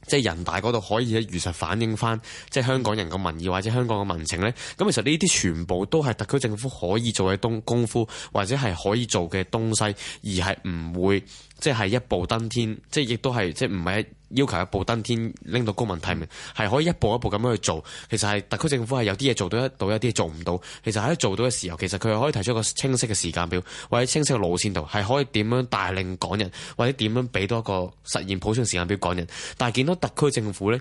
即係人大嗰度可以喺如實反映翻即係香港人嘅民意或者香港嘅民情呢，咁其實呢啲全部都係特區政府可以做嘅東功夫，或者係可以做嘅東西，而係唔會即係一步登天，即係亦都係即唔係。要求一步登天，拎到公民提名，係可以一步一步咁樣去做。其實，係特區政府係有啲嘢做到得到，有啲嘢做唔到。其實，喺做到嘅時候，其實佢係可以提出一個清晰嘅時間表，或者清晰嘅路線圖，係可以點樣帶領港人，或者點樣俾到一個實現普選時間表港人。但係見到特區政府咧。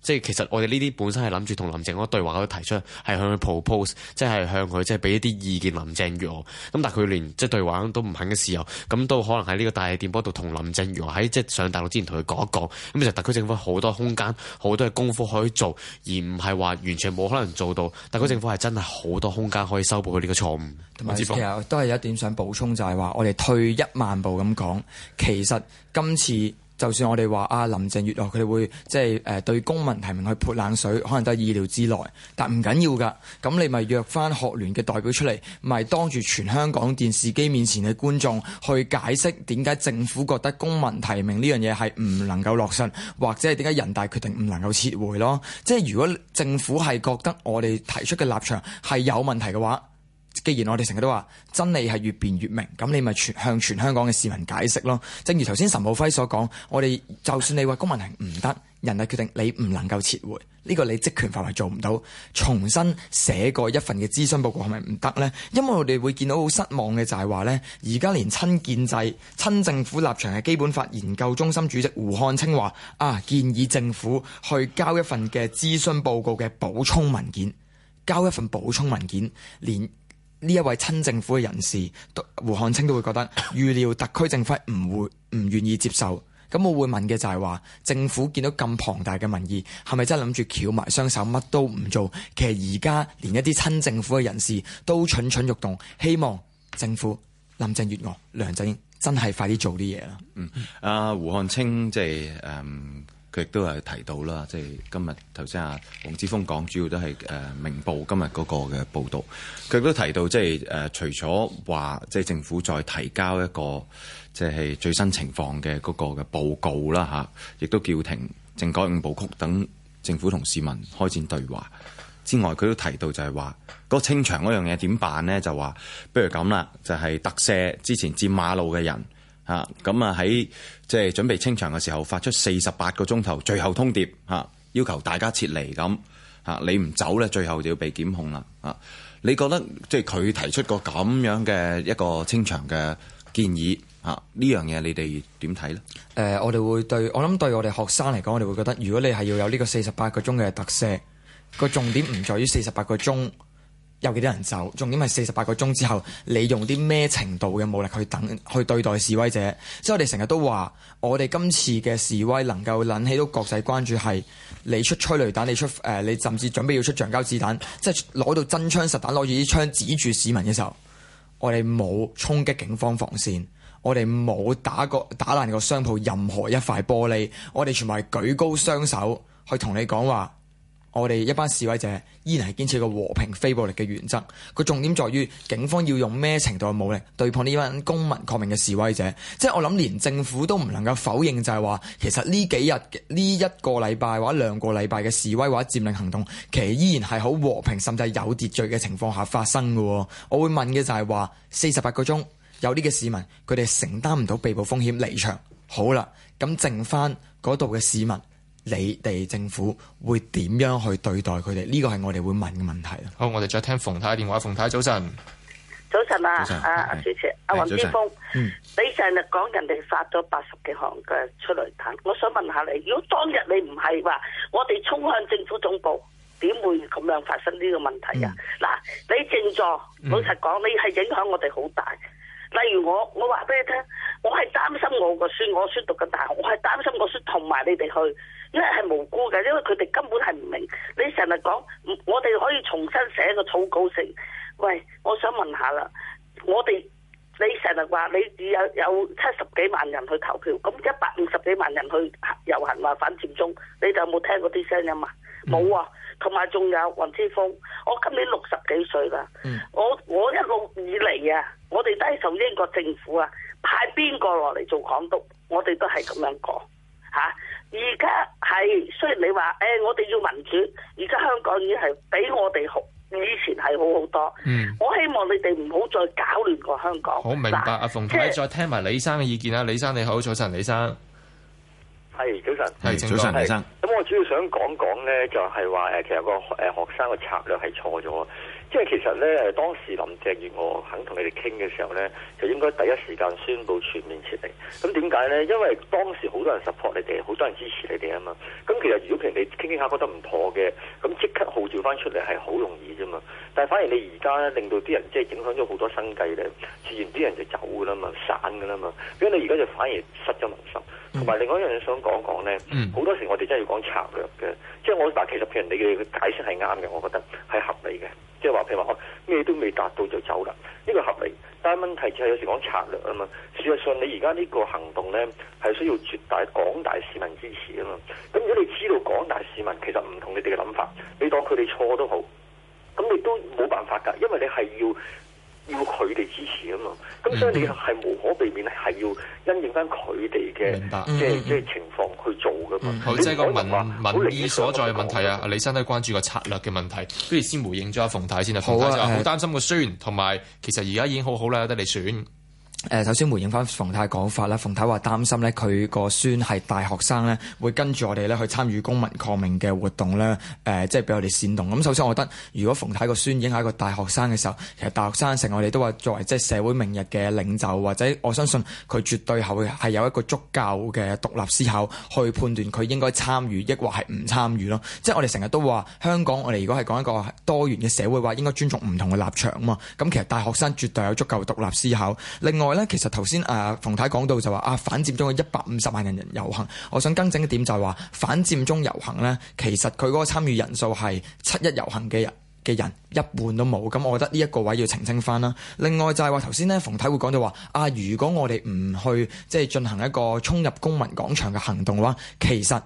即係其實我哋呢啲本身係諗住同林鄭嘅對話都提出係向佢 propose，即係向佢即係俾一啲意見林鄭月娥。咁但係佢連即係對話都唔肯嘅時候，咁都可能喺呢個大氣電波度同林鄭月娥喺即係上大陸之前同佢講一講。咁其實特區政府好多空間，好多嘅功夫可以做，而唔係話完全冇可能做到。特區政府係真係好多空間可以修補佢呢個錯誤。同埋有其實都係有一點想補充就係話，我哋退一萬步咁講，其實今次。就算我哋話啊，林鄭月娥佢哋會即係誒對公民提名去潑冷水，可能都係意料之內，但唔緊要噶。咁你咪約翻學聯嘅代表出嚟，咪當住全香港電視機面前嘅觀眾去解釋點解政府覺得公民提名呢樣嘢係唔能夠落實或者係點解人大決定唔能夠撤回咯？即係如果政府係覺得我哋提出嘅立場係有問題嘅話。既然我哋成日都話真理係越辯越明，咁你咪全向全香港嘅市民解釋咯。正如頭先岑敖暉所講，我哋就算你話公民提名唔得，人大決定你唔能夠撤回，呢、呢個你職權範圍做唔到，重新寫過一份嘅諮詢報告係咪唔得咧？因為我哋會見到好失望嘅就係話咧，而家連親建制、親政府立場嘅基本法研究中心主席胡漢清話啊，建議政府去交一份嘅諮詢報告嘅補充文件，交一份補充文件連。呢一位親政府嘅人士，胡漢清都會覺得預料特區政府唔會唔願意接受。咁我會問嘅就係話，政府見到咁龐大嘅民意，係咪真係諗住翹埋雙手乜都唔做？其實而家連一啲親政府嘅人士都蠢蠢欲動，希望政府林鄭月娥、梁振英真係快啲做啲嘢啦。嗯，阿胡漢清即係誒。佢亦都係提到啦，即係今日頭先阿黃之鋒講，主要都係誒、呃、明報今日嗰個嘅報導。佢亦都提到，即係誒、呃、除咗話即係政府再提交一個即係最新情況嘅嗰個嘅報告啦嚇，亦、啊、都叫停政改五步曲，等政府同市民開展對話之外，佢都提到就係話嗰清場嗰樣嘢點辦呢？就話不如咁啦，就係、是、特赦之前佔馬路嘅人。啊，咁啊喺即係準備清場嘅時候，發出四十八個鐘頭最後通牒，吓、啊、要求大家撤離咁，吓、啊啊、你唔走咧，最後就要被檢控啦。啊，你覺得即係佢提出個咁樣嘅一個清場嘅建議，吓、啊啊、呢樣嘢你哋點睇咧？誒、呃，我哋會對我諗對我哋學生嚟講，我哋會覺得，如果你係要有呢個四十八個鐘嘅特赦，個重點唔在於四十八個鐘。有幾多人走？重點係四十八個鐘之後，你用啲咩程度嘅武力去等去對待示威者？即係我哋成日都話，我哋今次嘅示威能夠引起到國際關注係你出催淚彈，你出誒、呃，你甚至準備要出橡膠子彈，即係攞到真槍實彈，攞住啲槍指住市民嘅時候，我哋冇衝擊警方防線，我哋冇打過打爛個商鋪任何一塊玻璃，我哋全部係舉高雙手去同你講話。我哋一班示威者依然係堅持個和平非暴力嘅原則，個重點在於警方要用咩程度嘅武力對抗呢班公民抗命嘅示威者，即係我諗連政府都唔能夠否認就係話，其實呢幾日呢一個禮拜或者兩個禮拜嘅示威或者佔領行動，其實依然係好和平甚至係有秩序嘅情況下發生㗎。我會問嘅就係話，四十八個鐘有啲嘅市民，佢哋承擔唔到被捕風險離場，好啦，咁剩翻嗰度嘅市民。你哋政府會點樣去對待佢哋？呢個係我哋會問嘅問題啦。好，我哋再聽馮太嘅電話。馮太早晨，早晨啊，晨啊主持阿黃之鋒，晨嗯、你成日講人哋發咗八十幾行嘅出嚟彈，我想問下你，如果當日你唔係話，我哋衝向政府總部，點會咁樣發生呢個問題啊？嗱、嗯，你正坐，老實講，你係影響我哋好大。例如我，我話俾你聽，我係擔心我個孫，我孫讀緊大學，我係擔心我孫同埋你哋去。因為係無辜嘅，因為佢哋根本係唔明。你成日講，我哋可以重新寫個草稿成。喂，我想問下啦，我哋你成日話你有有七十幾萬人去投票，咁一百五十幾萬人去遊行話反佔中，你就有冇聽嗰啲聲音、嗯、啊？冇啊，同埋仲有黃之鋒。我今年六十幾歲啦。嗯、我我一路以嚟啊，我哋低受英國政府啊派邊個落嚟做港督，我哋都係咁樣講，吓、啊。而家係雖然你話誒、欸，我哋要民主，而家香港已經係比我哋好，以前係好好多。嗯，我希望你哋唔好再搞亂個香港。好明白、啊，阿馮那太，是再聽埋李生嘅意見啊！李生你好，早晨，李生係早晨，係早晨，李生。咁我主要想講講咧，就係話誒，其實個誒學生個策略係錯咗。即係其實咧，當時林鄭月娥肯同你哋傾嘅時候咧，就應該第一時間宣布全面撤離。咁點解咧？因為當時好多人 support 你哋，好多人支持你哋啊嘛。咁其實如果譬如你傾傾下覺得唔妥嘅，咁即刻號召翻出嚟係好容易啫嘛。但係反而你而家咧令到啲人即係影響咗好多生計咧，自然啲人就走噶啦嘛，散噶啦嘛。咁你而家就反而失咗民心。同埋、嗯、另外一樣嘢想講講咧，好、嗯、多時我哋真係要講策略嘅，即、就、係、是、我但其實譬如你嘅解釋係啱嘅，我覺得係合理嘅，即係話譬如話咩都未達到就走啦，呢、這個合理。但係問題就係有時講策略啊嘛，事實上你而家呢個行動咧係需要絕大廣大市民支持啊嘛。咁如果你知道廣大市民其實唔同你哋嘅諗法，你當佢哋錯都好，咁你都冇辦法㗎，因為你係要。要佢哋支持啊嘛，咁所以你係無可避免係要因應翻佢哋嘅即係即係情況去做噶嘛。好、嗯，即係個民民意所在嘅問題啊！李生都關注個策略嘅問題，不如、嗯、先回應咗阿馮太先啊。好啊，馮太就好擔心個孫，同埋其實而家已經好好啦，有得你選。誒，首先回應翻馮太講法啦。馮太話擔心咧，佢個孫係大學生咧，會跟住我哋咧去參與公民抗命嘅活動咧。誒、呃，即係俾我哋煽動。咁首先，我覺得如果馮太個孫已經係一個大學生嘅時候，其實大學生成日我哋都話作為即係社會明日嘅領袖，或者我相信佢絕對會係有一個足夠嘅獨立思考去判斷佢應該參與，抑或係唔參與咯。即係我哋成日都話香港，我哋如果係講一個多元嘅社會話，應該尊重唔同嘅立場啊嘛。咁其實大學生絕對有足夠獨立思考。另外，其實頭先誒馮太講到就話啊，反佔中有一百五十萬人人遊行，我想更正一點就係話反佔中遊行呢，其實佢嗰個參與人數係七一遊行嘅嘅人一半都冇，咁我覺得呢一個位要澄清翻啦。另外就係話頭先咧，馮太會講到話啊，如果我哋唔去即係、就是、進行一個衝入公民廣場嘅行動嘅話，其實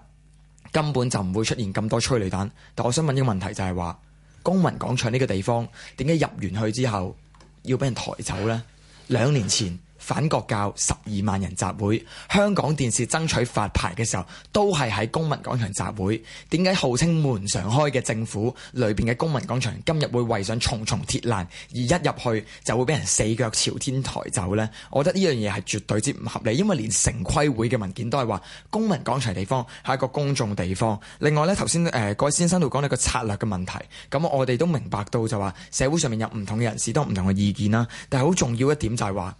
根本就唔會出現咁多催淚彈。但我想問一個問題就係話公民廣場呢個地方點解入完去之後要俾人抬走呢？兩年前。反國教十二萬人集會，香港電視爭取發牌嘅時候，都係喺公民廣場集會。點解號稱門常開嘅政府裏邊嘅公民廣場今日會圍上重重鐵欄，而一入去就會俾人四腳朝天抬走呢？我覺得呢樣嘢係絕對之唔合理，因為連城規會嘅文件都係話公民廣場地方係一個公眾地方。另外呢，頭先誒各位先生度講呢個策略嘅問題，咁我哋都明白到就話社會上面有唔同嘅人士，都唔同嘅意見啦。但係好重要一點就係話。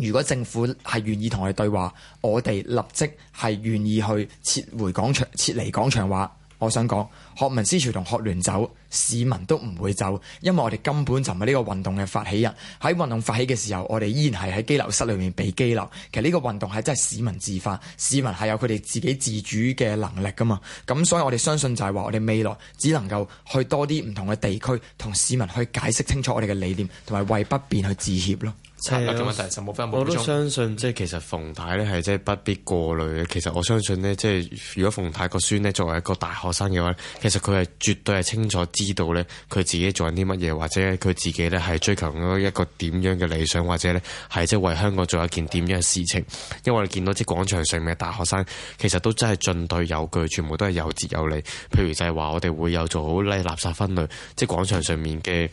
如果政府係願意同我哋對話，我哋立即係願意去撤回廣場、撤離廣場話。話我想講，學民思潮同學聯走，市民都唔會走，因為我哋根本就唔係呢個運動嘅發起人。喺運動發起嘅時候，我哋依然係喺拘留室裏面被拘留。其實呢個運動係真係市民自發，市民係有佢哋自己自主嘅能力噶嘛。咁所以我哋相信就係話，我哋未來只能夠去多啲唔同嘅地區，同市民去解釋清楚我哋嘅理念，同埋為不便去致歉咯。係啊，種問冇分冇補。我都相信，即係其實馮太咧，係即係不必過濾過慮嘅。其實我相信呢，即係如果馮太個孫呢，作為一個大學生嘅話，其實佢係絕對係清楚知道呢，佢自己做緊啲乜嘢，或者佢自己呢係追求嗰一個點樣嘅理想，或者呢係即係為香港做一件點樣嘅事情。因為我哋見到啲廣場上面嘅大學生，其實都真係進對有據，全部都係有節有理。譬如就係話我哋會有做好垃垃圾分類，即係廣場上面嘅。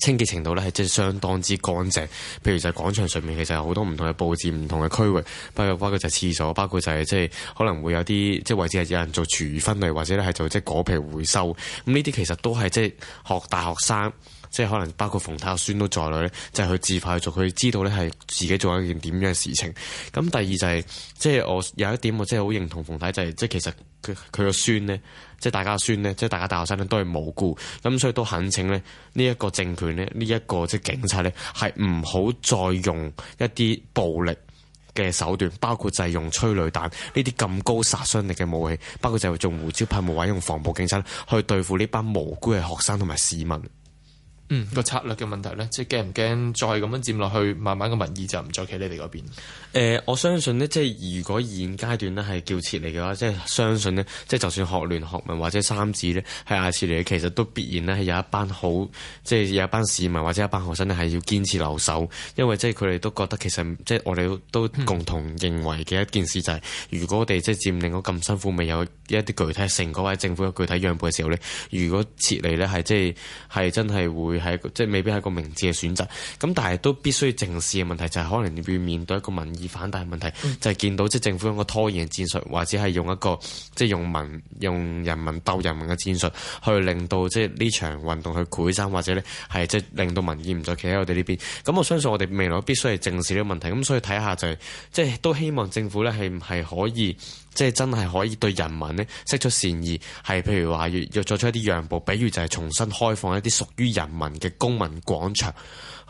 清潔程度咧係即係相當之乾淨，譬如就係廣場上面其實有好多唔同嘅佈置、唔同嘅區域，包括包括就係廁所，包括就係即係可能會有啲即係位置係有人做廚餘分類，或者咧係做即係果皮回收，咁呢啲其實都係即係學大學生。即係可能包括馮太阿孫都在內咧，即係佢自發去做，佢知道咧係自己做一件點樣嘅事情。咁第二就係即係我有一點我真係好認同馮太，就係即係其實佢佢個孫咧，即係大家個孫呢，即係大家大學生咧都係無辜咁，所以都懇請咧呢一個政權呢，呢一個即係警察呢，係唔好再用一啲暴力嘅手段，包括就係用催淚彈呢啲咁高殺傷力嘅武器，包括就係用胡椒噴霧，或者用防暴警察去對付呢班無辜嘅學生同埋市民。嗯，個策略嘅問題呢，即係驚唔驚再咁樣佔落去，慢慢個民意就唔再企你哋嗰邊？誒、呃，我相信咧，即係如果現階段咧係叫撤離嘅話，即係相信咧，即係就算學聯、學民或者三子咧，喺亞撤離，其實都必然咧係有一班好，即係有一班市民或者一班學生咧係要堅持留守，因為即係佢哋都覺得其實即係我哋都共同認為嘅一件事就係、是，如果我哋即係佔領咗咁辛苦未有一啲具體成果或者政府嘅具體讓步嘅時候咧，如果撤離咧係即係係真係會，係即係未必係一個明智嘅選擇。咁但係都必須正視嘅問題，就係可能要面對一個民意。而反大問題就係、是、見到即係政府用個拖延戰術，或者係用一個即係、就是、用民用人民鬥人民嘅戰術，去令到即係呢場運動去攰生，或者呢係即係令到民意唔再企喺我哋呢邊。咁我相信我哋未來必須係正視呢個問題。咁所以睇下就係即係都希望政府呢係唔係可以即係、就是、真係可以對人民呢釋出善意，係譬如話要作出一啲讓步，比如就係重新開放一啲屬於人民嘅公民廣場。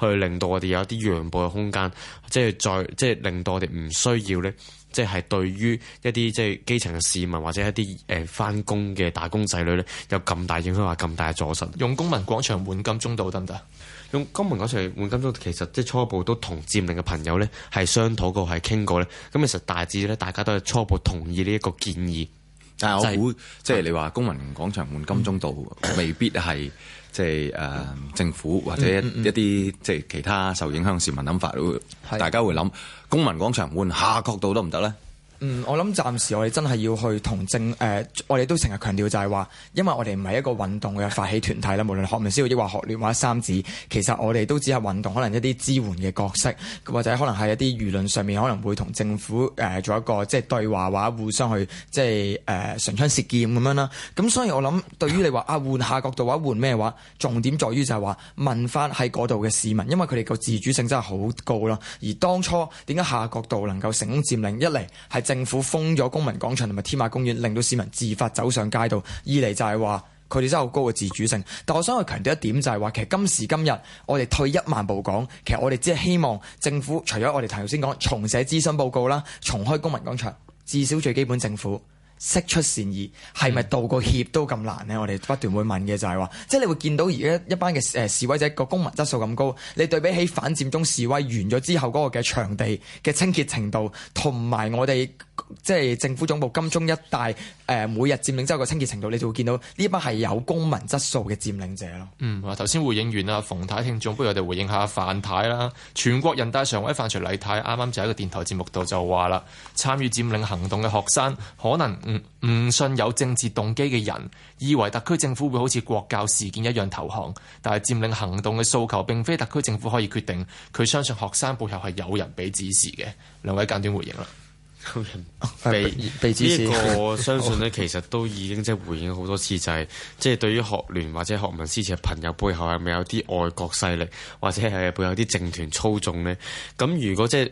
去令到我哋有一啲讓步嘅空間，即係再即係令到我哋唔需要咧，即、就、係、是、對於一啲即係基層嘅市民或者一啲誒返工嘅打工仔女咧，有咁大影響或咁大嘅阻塞。用公民廣場換金鐘道得唔得？行行用公民廣場換金鐘道，其實即係初步都同佔領嘅朋友咧，係商討過、係傾過咧。咁其實大致咧，大家都係初步同意呢一個建議。但係我估、就是嗯、即係你話公民廣場換金鐘道，嗯、未必係。 即係誒政府或者，嗯嗯、一啲即係其他受影響市民諗法，會大家會諗是的 公民廣場換下角度得唔得咧。嗯，我諗暫時我哋真係要去同政誒，我哋都成日強調就係話，因為我哋唔係一個運動嘅發起團體啦，無論學民思潮抑或學聯或者三子，其實我哋都只係運動可能一啲支援嘅角色，或者可能係一啲輿論上面可能會同政府誒、呃、做一個即係對話或者互相去即係誒唇槍舌劍咁樣啦。咁所以我諗對於你話啊，換下角度話換咩話，重點在於就係話問翻喺嗰度嘅市民，因為佢哋個自主性真係好高啦。而當初點解下角度能夠成功佔領，一嚟係政府封咗公民廣場同埋天馬公園令到市民自發走上街道。二嚟就係話佢哋真係好高嘅自主性。但我想要強調一點就係話其實今時今日我哋退一萬步講，其實我哋只係希望政府除咗我哋頭先講重寫諮詢報告啦，重開公民廣場，至少最基本政府。釋出善意係咪道個歉都咁難呢？我哋不斷會問嘅就係話，即係你會見到而家一班嘅誒示威者個公民質素咁高，你對比起反佔中示威完咗之後嗰個嘅場地嘅清潔程度，同埋我哋。即係政府總部金鐘一帶，誒、呃，每日佔領之後嘅清潔程度，你就會見到呢班係有公民質素嘅佔領者咯。嗯，頭先回應完啊，馮太、太聽眾，不如我哋回應下范太啦。全國人大常委范徐麗泰啱啱就喺個電台節目度就話啦，參與佔領行動嘅學生可能唔唔信有政治動機嘅人，以為特區政府會好似國教事件一樣投降，但係佔領行動嘅訴求並非特區政府可以決定。佢相信學生背後係有人俾指示嘅。兩位簡短回應啦。呢個我相信咧，其實都已經即係回應好多次， 就係即係對於學聯或者學民思潮嘅朋友背後係咪有啲外國勢力，或者係背有啲政團操縱咧？咁如果即係，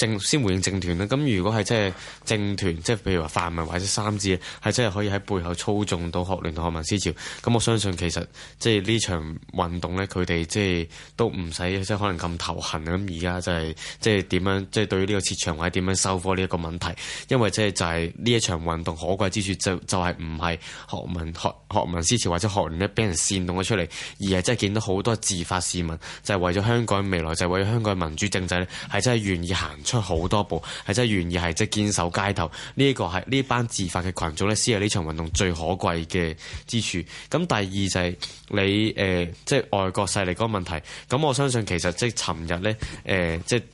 政先回應政團啦，咁如果係即係政團，即係譬如話泛民或者三子，係真係可以喺背後操縱到學聯同學民思潮，咁我相信其實即係呢場運動咧，佢哋即係都唔使即係可能咁頭痕啊！咁而家就係即係點樣即係對於呢個設場或者點樣收科呢一個問題，因為即係就係呢一場運動可貴之處就就係唔係學民學學民思潮或者學聯咧俾人煽動咗出嚟，而係真係見到好多自發市民就係、是、為咗香港未來就係、是、為咗香港民主政制咧，係真係願意行，出好多步，係真係願意係即係堅守街頭呢一個係呢班自發嘅群眾呢，先係呢場運動最可貴嘅之處。咁第二就係你誒，即、呃、係、就是、外國勢力嗰個問題。咁我相信其實即係尋日呢，誒、呃，即、就、係、是、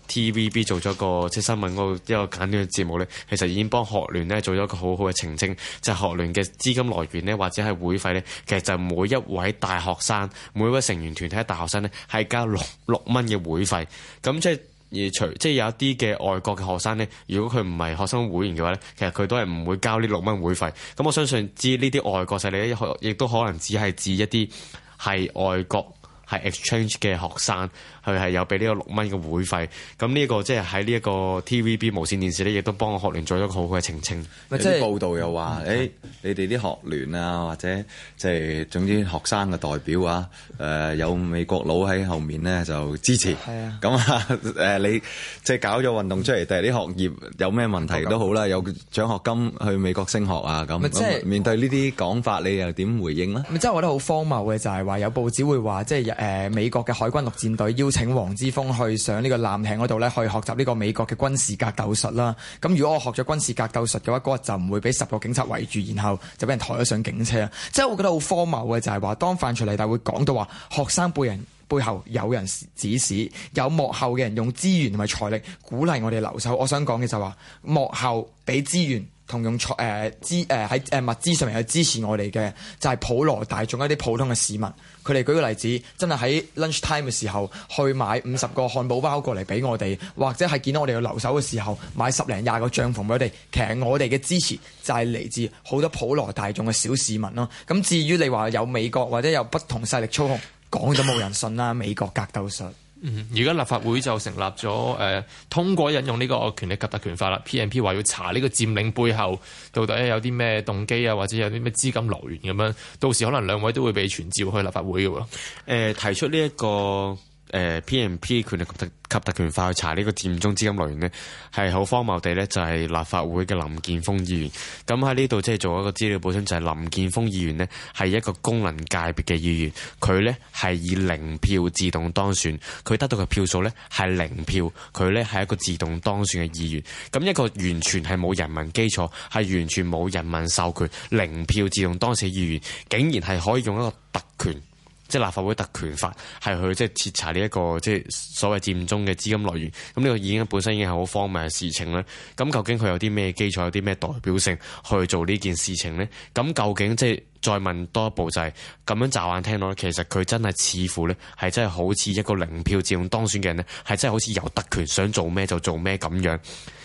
TVB 做咗個即係、就是、新聞嗰個一個簡短嘅節目呢，其實已經幫學聯呢做咗一個好好嘅澄清，就係、是、學聯嘅資金來源呢，或者係會費呢，其實就每一位大學生、每一位成員團體嘅大學生呢，係交六六蚊嘅會費，咁即係。而除即係有一啲嘅外國嘅學生呢，如果佢唔係學生會員嘅話呢，其實佢都係唔會交呢六蚊會費。咁我相信知呢啲外國勢力咧，亦都可能只係指一啲係外國係 exchange 嘅學生。佢係有俾呢個六蚊嘅會費，咁呢一個即係喺呢一個 TVB 無線電視咧，亦都幫我學聯做咗一個好嘅澄清。即係、就是、報道又話誒、嗯欸，你哋啲學聯啊，或者即、就、係、是、總之學生嘅代表啊，誒、呃、有美國佬喺後面咧就支持。係啊，咁啊誒、呃，你即係搞咗運動出嚟，定係啲學業有咩問題都好啦，有獎學金去美國升學啊，咁。即係、就是、面對呢啲講法，你又點回應呢？咪即係我覺得好荒謬嘅，就係、是、話有報紙會話，即係誒美國嘅海軍陸,陸戰隊邀。請黃之鋒去上呢個艦艇嗰度咧，去學習呢個美國嘅軍事格鬥術啦。咁如果我學咗軍事格鬥術嘅話，嗰日就唔會俾十個警察圍住，然後就俾人抬咗上警車啦。真係我覺得好荒謬嘅，就係話當犯罪嚟，但會講到話學生背人背後有人指使，有幕後嘅人用資源同埋財力鼓勵我哋留守。我想講嘅就係話幕後俾資源。同用財誒、呃、資喺誒、呃、物資上面去支持我哋嘅就係、是、普羅大眾一啲普通嘅市民，佢哋舉個例子，真係喺 lunch time 嘅時候去買五十個漢堡包過嚟俾我哋，或者係見到我哋要留守嘅時候買十零廿個帳篷俾我哋，其實我哋嘅支持就係嚟自好多普羅大眾嘅小市民咯、啊。咁至於你話有美國或者有不同勢力操控，講咗冇人信啦，美國格鬥術。嗯，而家立法會就成立咗，誒、呃、通過引用呢、這個、哦、權力及特權法啦。P and P 話要查呢個佔領背後到底有啲咩動機啊，或者有啲咩資金來源咁樣，到時可能兩位都會被傳召去立法會嘅喎、啊呃。提出呢、這、一個。誒 P.M.P. 權力及特權化去查呢個佔中資金來源咧，係好荒謬地呢，就係、是、立法會嘅林健鋒議員。咁喺呢度即係做一個資料補充，就係、是、林健鋒議員呢，係一個功能界別嘅議員，佢呢，係以零票自動當選，佢得到嘅票數呢，係零票，佢呢，係一個自動當選嘅議員。咁一個完全係冇人民基礎，係完全冇人民授權，零票自動當選嘅議員，竟然係可以用一個特權。即係立法會特權法係去即係徹查呢一個即係所謂佔中嘅資金來源，咁呢個已經本身已經係好荒謬嘅事情啦。咁究竟佢有啲咩基礎，有啲咩代表性去做呢件事情咧？咁究竟即係，就係再問多一步就係、是、咁樣乍眼聽到，咧，其實佢真係似乎咧，係真係好似一個零票佔用當選嘅人呢係真係好似有特權，想做咩就做咩咁樣。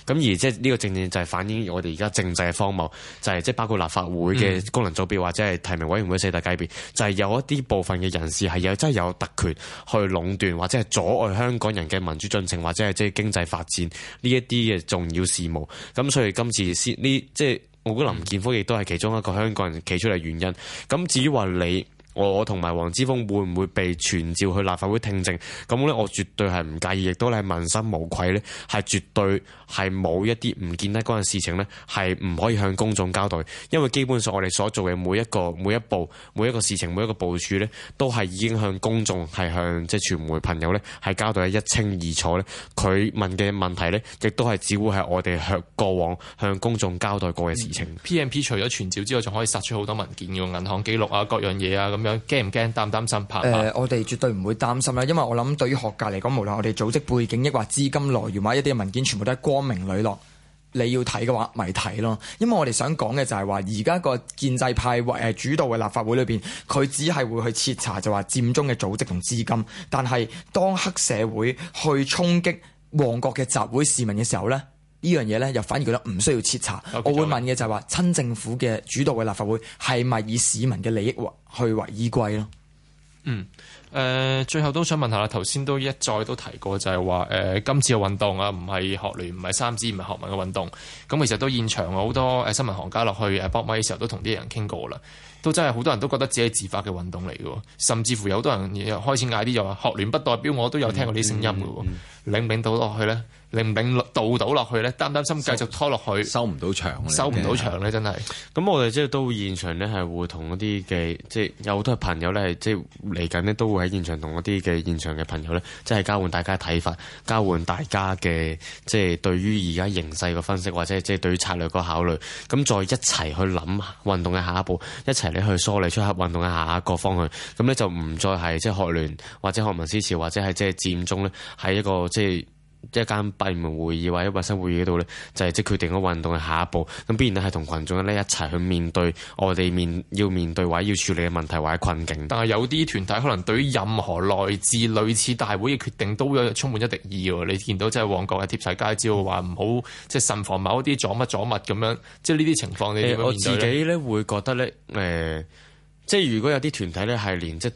咁而即係呢個正正就係反映我哋而家政制嘅荒謬，就係即係包括立法會嘅功能組別或者係提名委員會四大界別，就係、是、有一啲部分嘅人士係有真係有特權去壟斷或者係阻礙香港人嘅民主進程或者係即係經濟發展呢一啲嘅重要事務。咁所以今次先呢即係。我估林建峰亦都係其中一個香港人企出嚟原因。咁至於話你，我同埋黃之鋒會唔會被傳召去立法會聽證，咁咧，我絕對係唔介意，亦都係問心無愧咧，係絕對係冇一啲唔見得光嘅事情咧，係唔可以向公眾交代。因為基本上我哋所做嘅每一個、每一步、每一個事情、每一個部署咧，都係已經向公眾、係向即係傳媒朋友咧係交代得一清二楚咧。佢問嘅問題咧，亦都係只會係我哋向過往向公眾交代過嘅事情。嗯、P.M.P. 除咗傳召之外，仲可以殺出好多文件、用銀行記錄啊，各樣嘢啊噉樣驚唔驚？擔唔擔心？怕誒、呃，我哋絕對唔會擔心啦，因為我諗對於學界嚟講，無論我哋組織背景，抑或資金來源，或者一啲嘅文件，全部都係光明磊落。你要睇嘅話，咪睇咯。因為我哋想講嘅就係話，而家個建制派或誒主導嘅立法會裏邊，佢只係會去徹查就話佔中嘅組織同資金。但係當黑社會去衝擊旺角嘅集會市民嘅時候咧。呢樣嘢咧，又反而覺得唔需要徹查。Okay，我會問嘅就係話，親對政府嘅主導嘅立法會係咪以市民嘅利益為去為依歸咯？嗯，誒、呃，最後都想問下啦，頭先都一再都提過，就係話誒，今次嘅運動啊，唔係學聯，唔係三子，唔係學民嘅運動。咁其實都現場好多誒新聞行家落去誒搏咪嘅時候都，都同啲人傾過啦。都真係好多人都覺得自己係自發嘅運動嚟嘅，甚至乎有好多人開始嗌啲就話學聯不代表我，都有聽過啲聲音嘅。嗯嗯嗯，領唔領到落去咧？領唔領到到落去咧？擔唔擔心繼續拖落去？收唔到場，收唔到場咧？真係，咁我哋即係都會現場咧，係會同嗰啲嘅，即係有好多朋友咧，即係嚟緊咧，都會喺現場同嗰啲嘅現場嘅朋友咧，即係交換大家睇法，交換大家嘅即係對於而家形勢嘅分析，或者即係對於策略嘅考慮，咁再一齊去諗運動嘅下一步，一齊。你去梳理出合運動嘅下一個方向，咁咧就唔再係即係學聯或者學民思潮，或者係即係佔中咧，係一個即係。一間閉門會議或者密室會議嗰度咧，就係即係決定咗運動嘅下一步。咁必然咧係同群眾咧一齊去面對我哋面要面對或者要處理嘅問題或者困境。但係有啲團體可能對於任何來自類似大會嘅決定都，都有充滿一定敵意。你見到即係旺角嘅貼晒街招，話唔好即係慎防某啲阻乜阻物咁樣。即係呢啲情況，你點樣面對咧？我自己咧會覺得咧，誒、呃，即係如果有啲團體咧係連即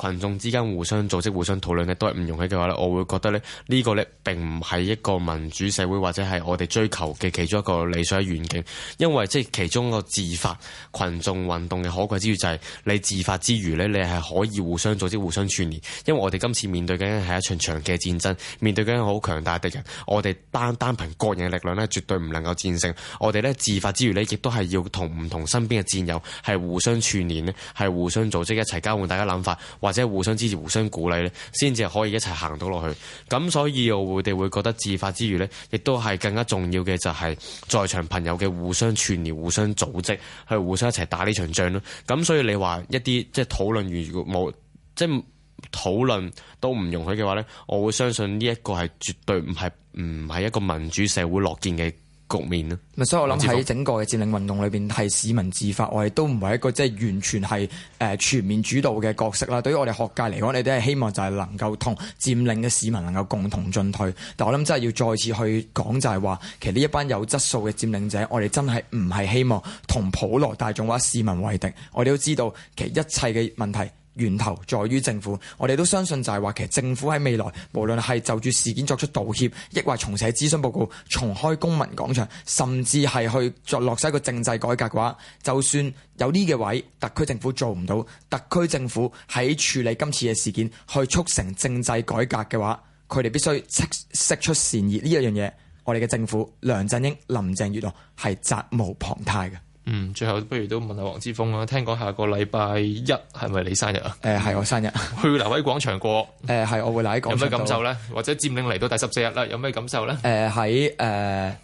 群眾之間互相組織、互相討論咧，都係唔容許嘅話咧，我會覺得咧呢、這個咧並唔係一個民主社會或者係我哋追求嘅其中一個理想嘅遠景。因為即係其中一個自發群眾運動嘅可貴之處就係、是、你自發之餘呢，你係可以互相組織、互相串聯。因為我哋今次面對嘅係面對緊係一場長期嘅戰爭，面對嘅面對緊好強大嘅敵人，我哋單單憑個人嘅力量呢，絕對唔能夠戰勝。我哋呢自發之餘呢亦都係要同唔同身邊嘅戰友係互相串聯呢係互相組織一齊交換大家諗法。或者互相支持、互相鼓勵咧，先至可以一齊行到落去。咁所以我會哋會覺得自發之餘呢，亦都係更加重要嘅就係在場朋友嘅互相串聯、互相組織，去互相一齊打呢場仗咯。咁所以你話一啲即係討論完，冇即係討論都唔容許嘅話呢，我會相信呢一個係絕對唔係唔係一個民主社會樂見嘅局面，所以我諗喺整個嘅佔領運動裏邊，係市民自發，我哋都唔係一個即係完全係誒全面主導嘅角色啦。對於我哋學界嚟講，你都係希望就係能夠同佔領嘅市民能夠共同進退。但我諗真係要再次去講就係話，其實呢一班有質素嘅佔領者，我哋真係唔係希望同普羅大眾或者市民為敵。我哋都知道，其實一切嘅問題。源頭在於政府，我哋都相信就係話其實政府喺未來無論係就住事件作出道歉，抑或重寫諮詢報告、重開公民廣場，甚至係去作落實一個政制改革嘅話，就算有呢個位，特區政府做唔到，特區政府喺處理今次嘅事件，去促成政制改革嘅話，佢哋必須釋出善意呢一樣嘢，我哋嘅政府梁振英、林鄭月娥係責無旁貸嘅。嗯，最後不如都問下黃之鋒，啦。聽講下個禮拜一係咪你生日啊？誒、呃，係我生日，去留喺廣場過。誒、呃，係我會留喺廣場有咩感受咧？呃、或者佔領嚟到第十四日啦，有咩感受咧？誒、呃，喺誒、呃，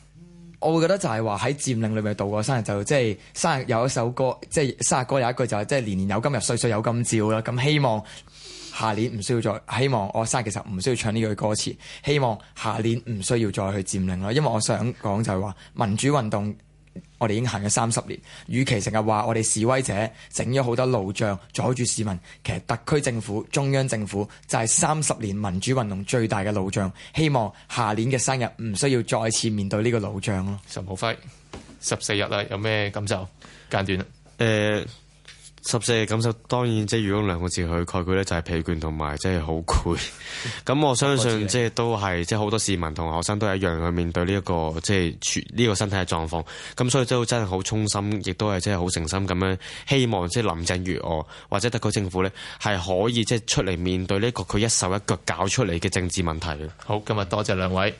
我會覺得就係話喺佔領裏面度過生日，就即、是、係生日有一首歌，即、就、係、是、生日歌有一句就係即係年年有今日，歲歲有今朝啦。咁希望下年唔需要再希望，我生日其實唔需要唱呢句歌詞。希望下年唔需要再去佔領啦，因為我想講就係話民主運動。我哋已經行咗三十年，與其成日話我哋示威者整咗好多路障阻住市民，其實特區政府、中央政府就係三十年民主運動最大嘅路障，希望下年嘅生日唔需要再次面對呢個路障咯。岑敖暉，十四日啦，有咩感受？間斷啦。欸十四嘅感受，當然即係如果兩個字去概括咧，就係疲倦同埋即係好攰。咁 我相信即係都係即係好多市民同學生都係一樣去面對呢、這、一個即係呢個身體嘅狀況。咁所以真真係好衷心，亦都係真係好誠心咁樣希望，即係林鄭月娥或者德區政府咧，係可以即係出嚟面對呢、這個佢一手一腳搞出嚟嘅政治問題。好，今日多謝兩位。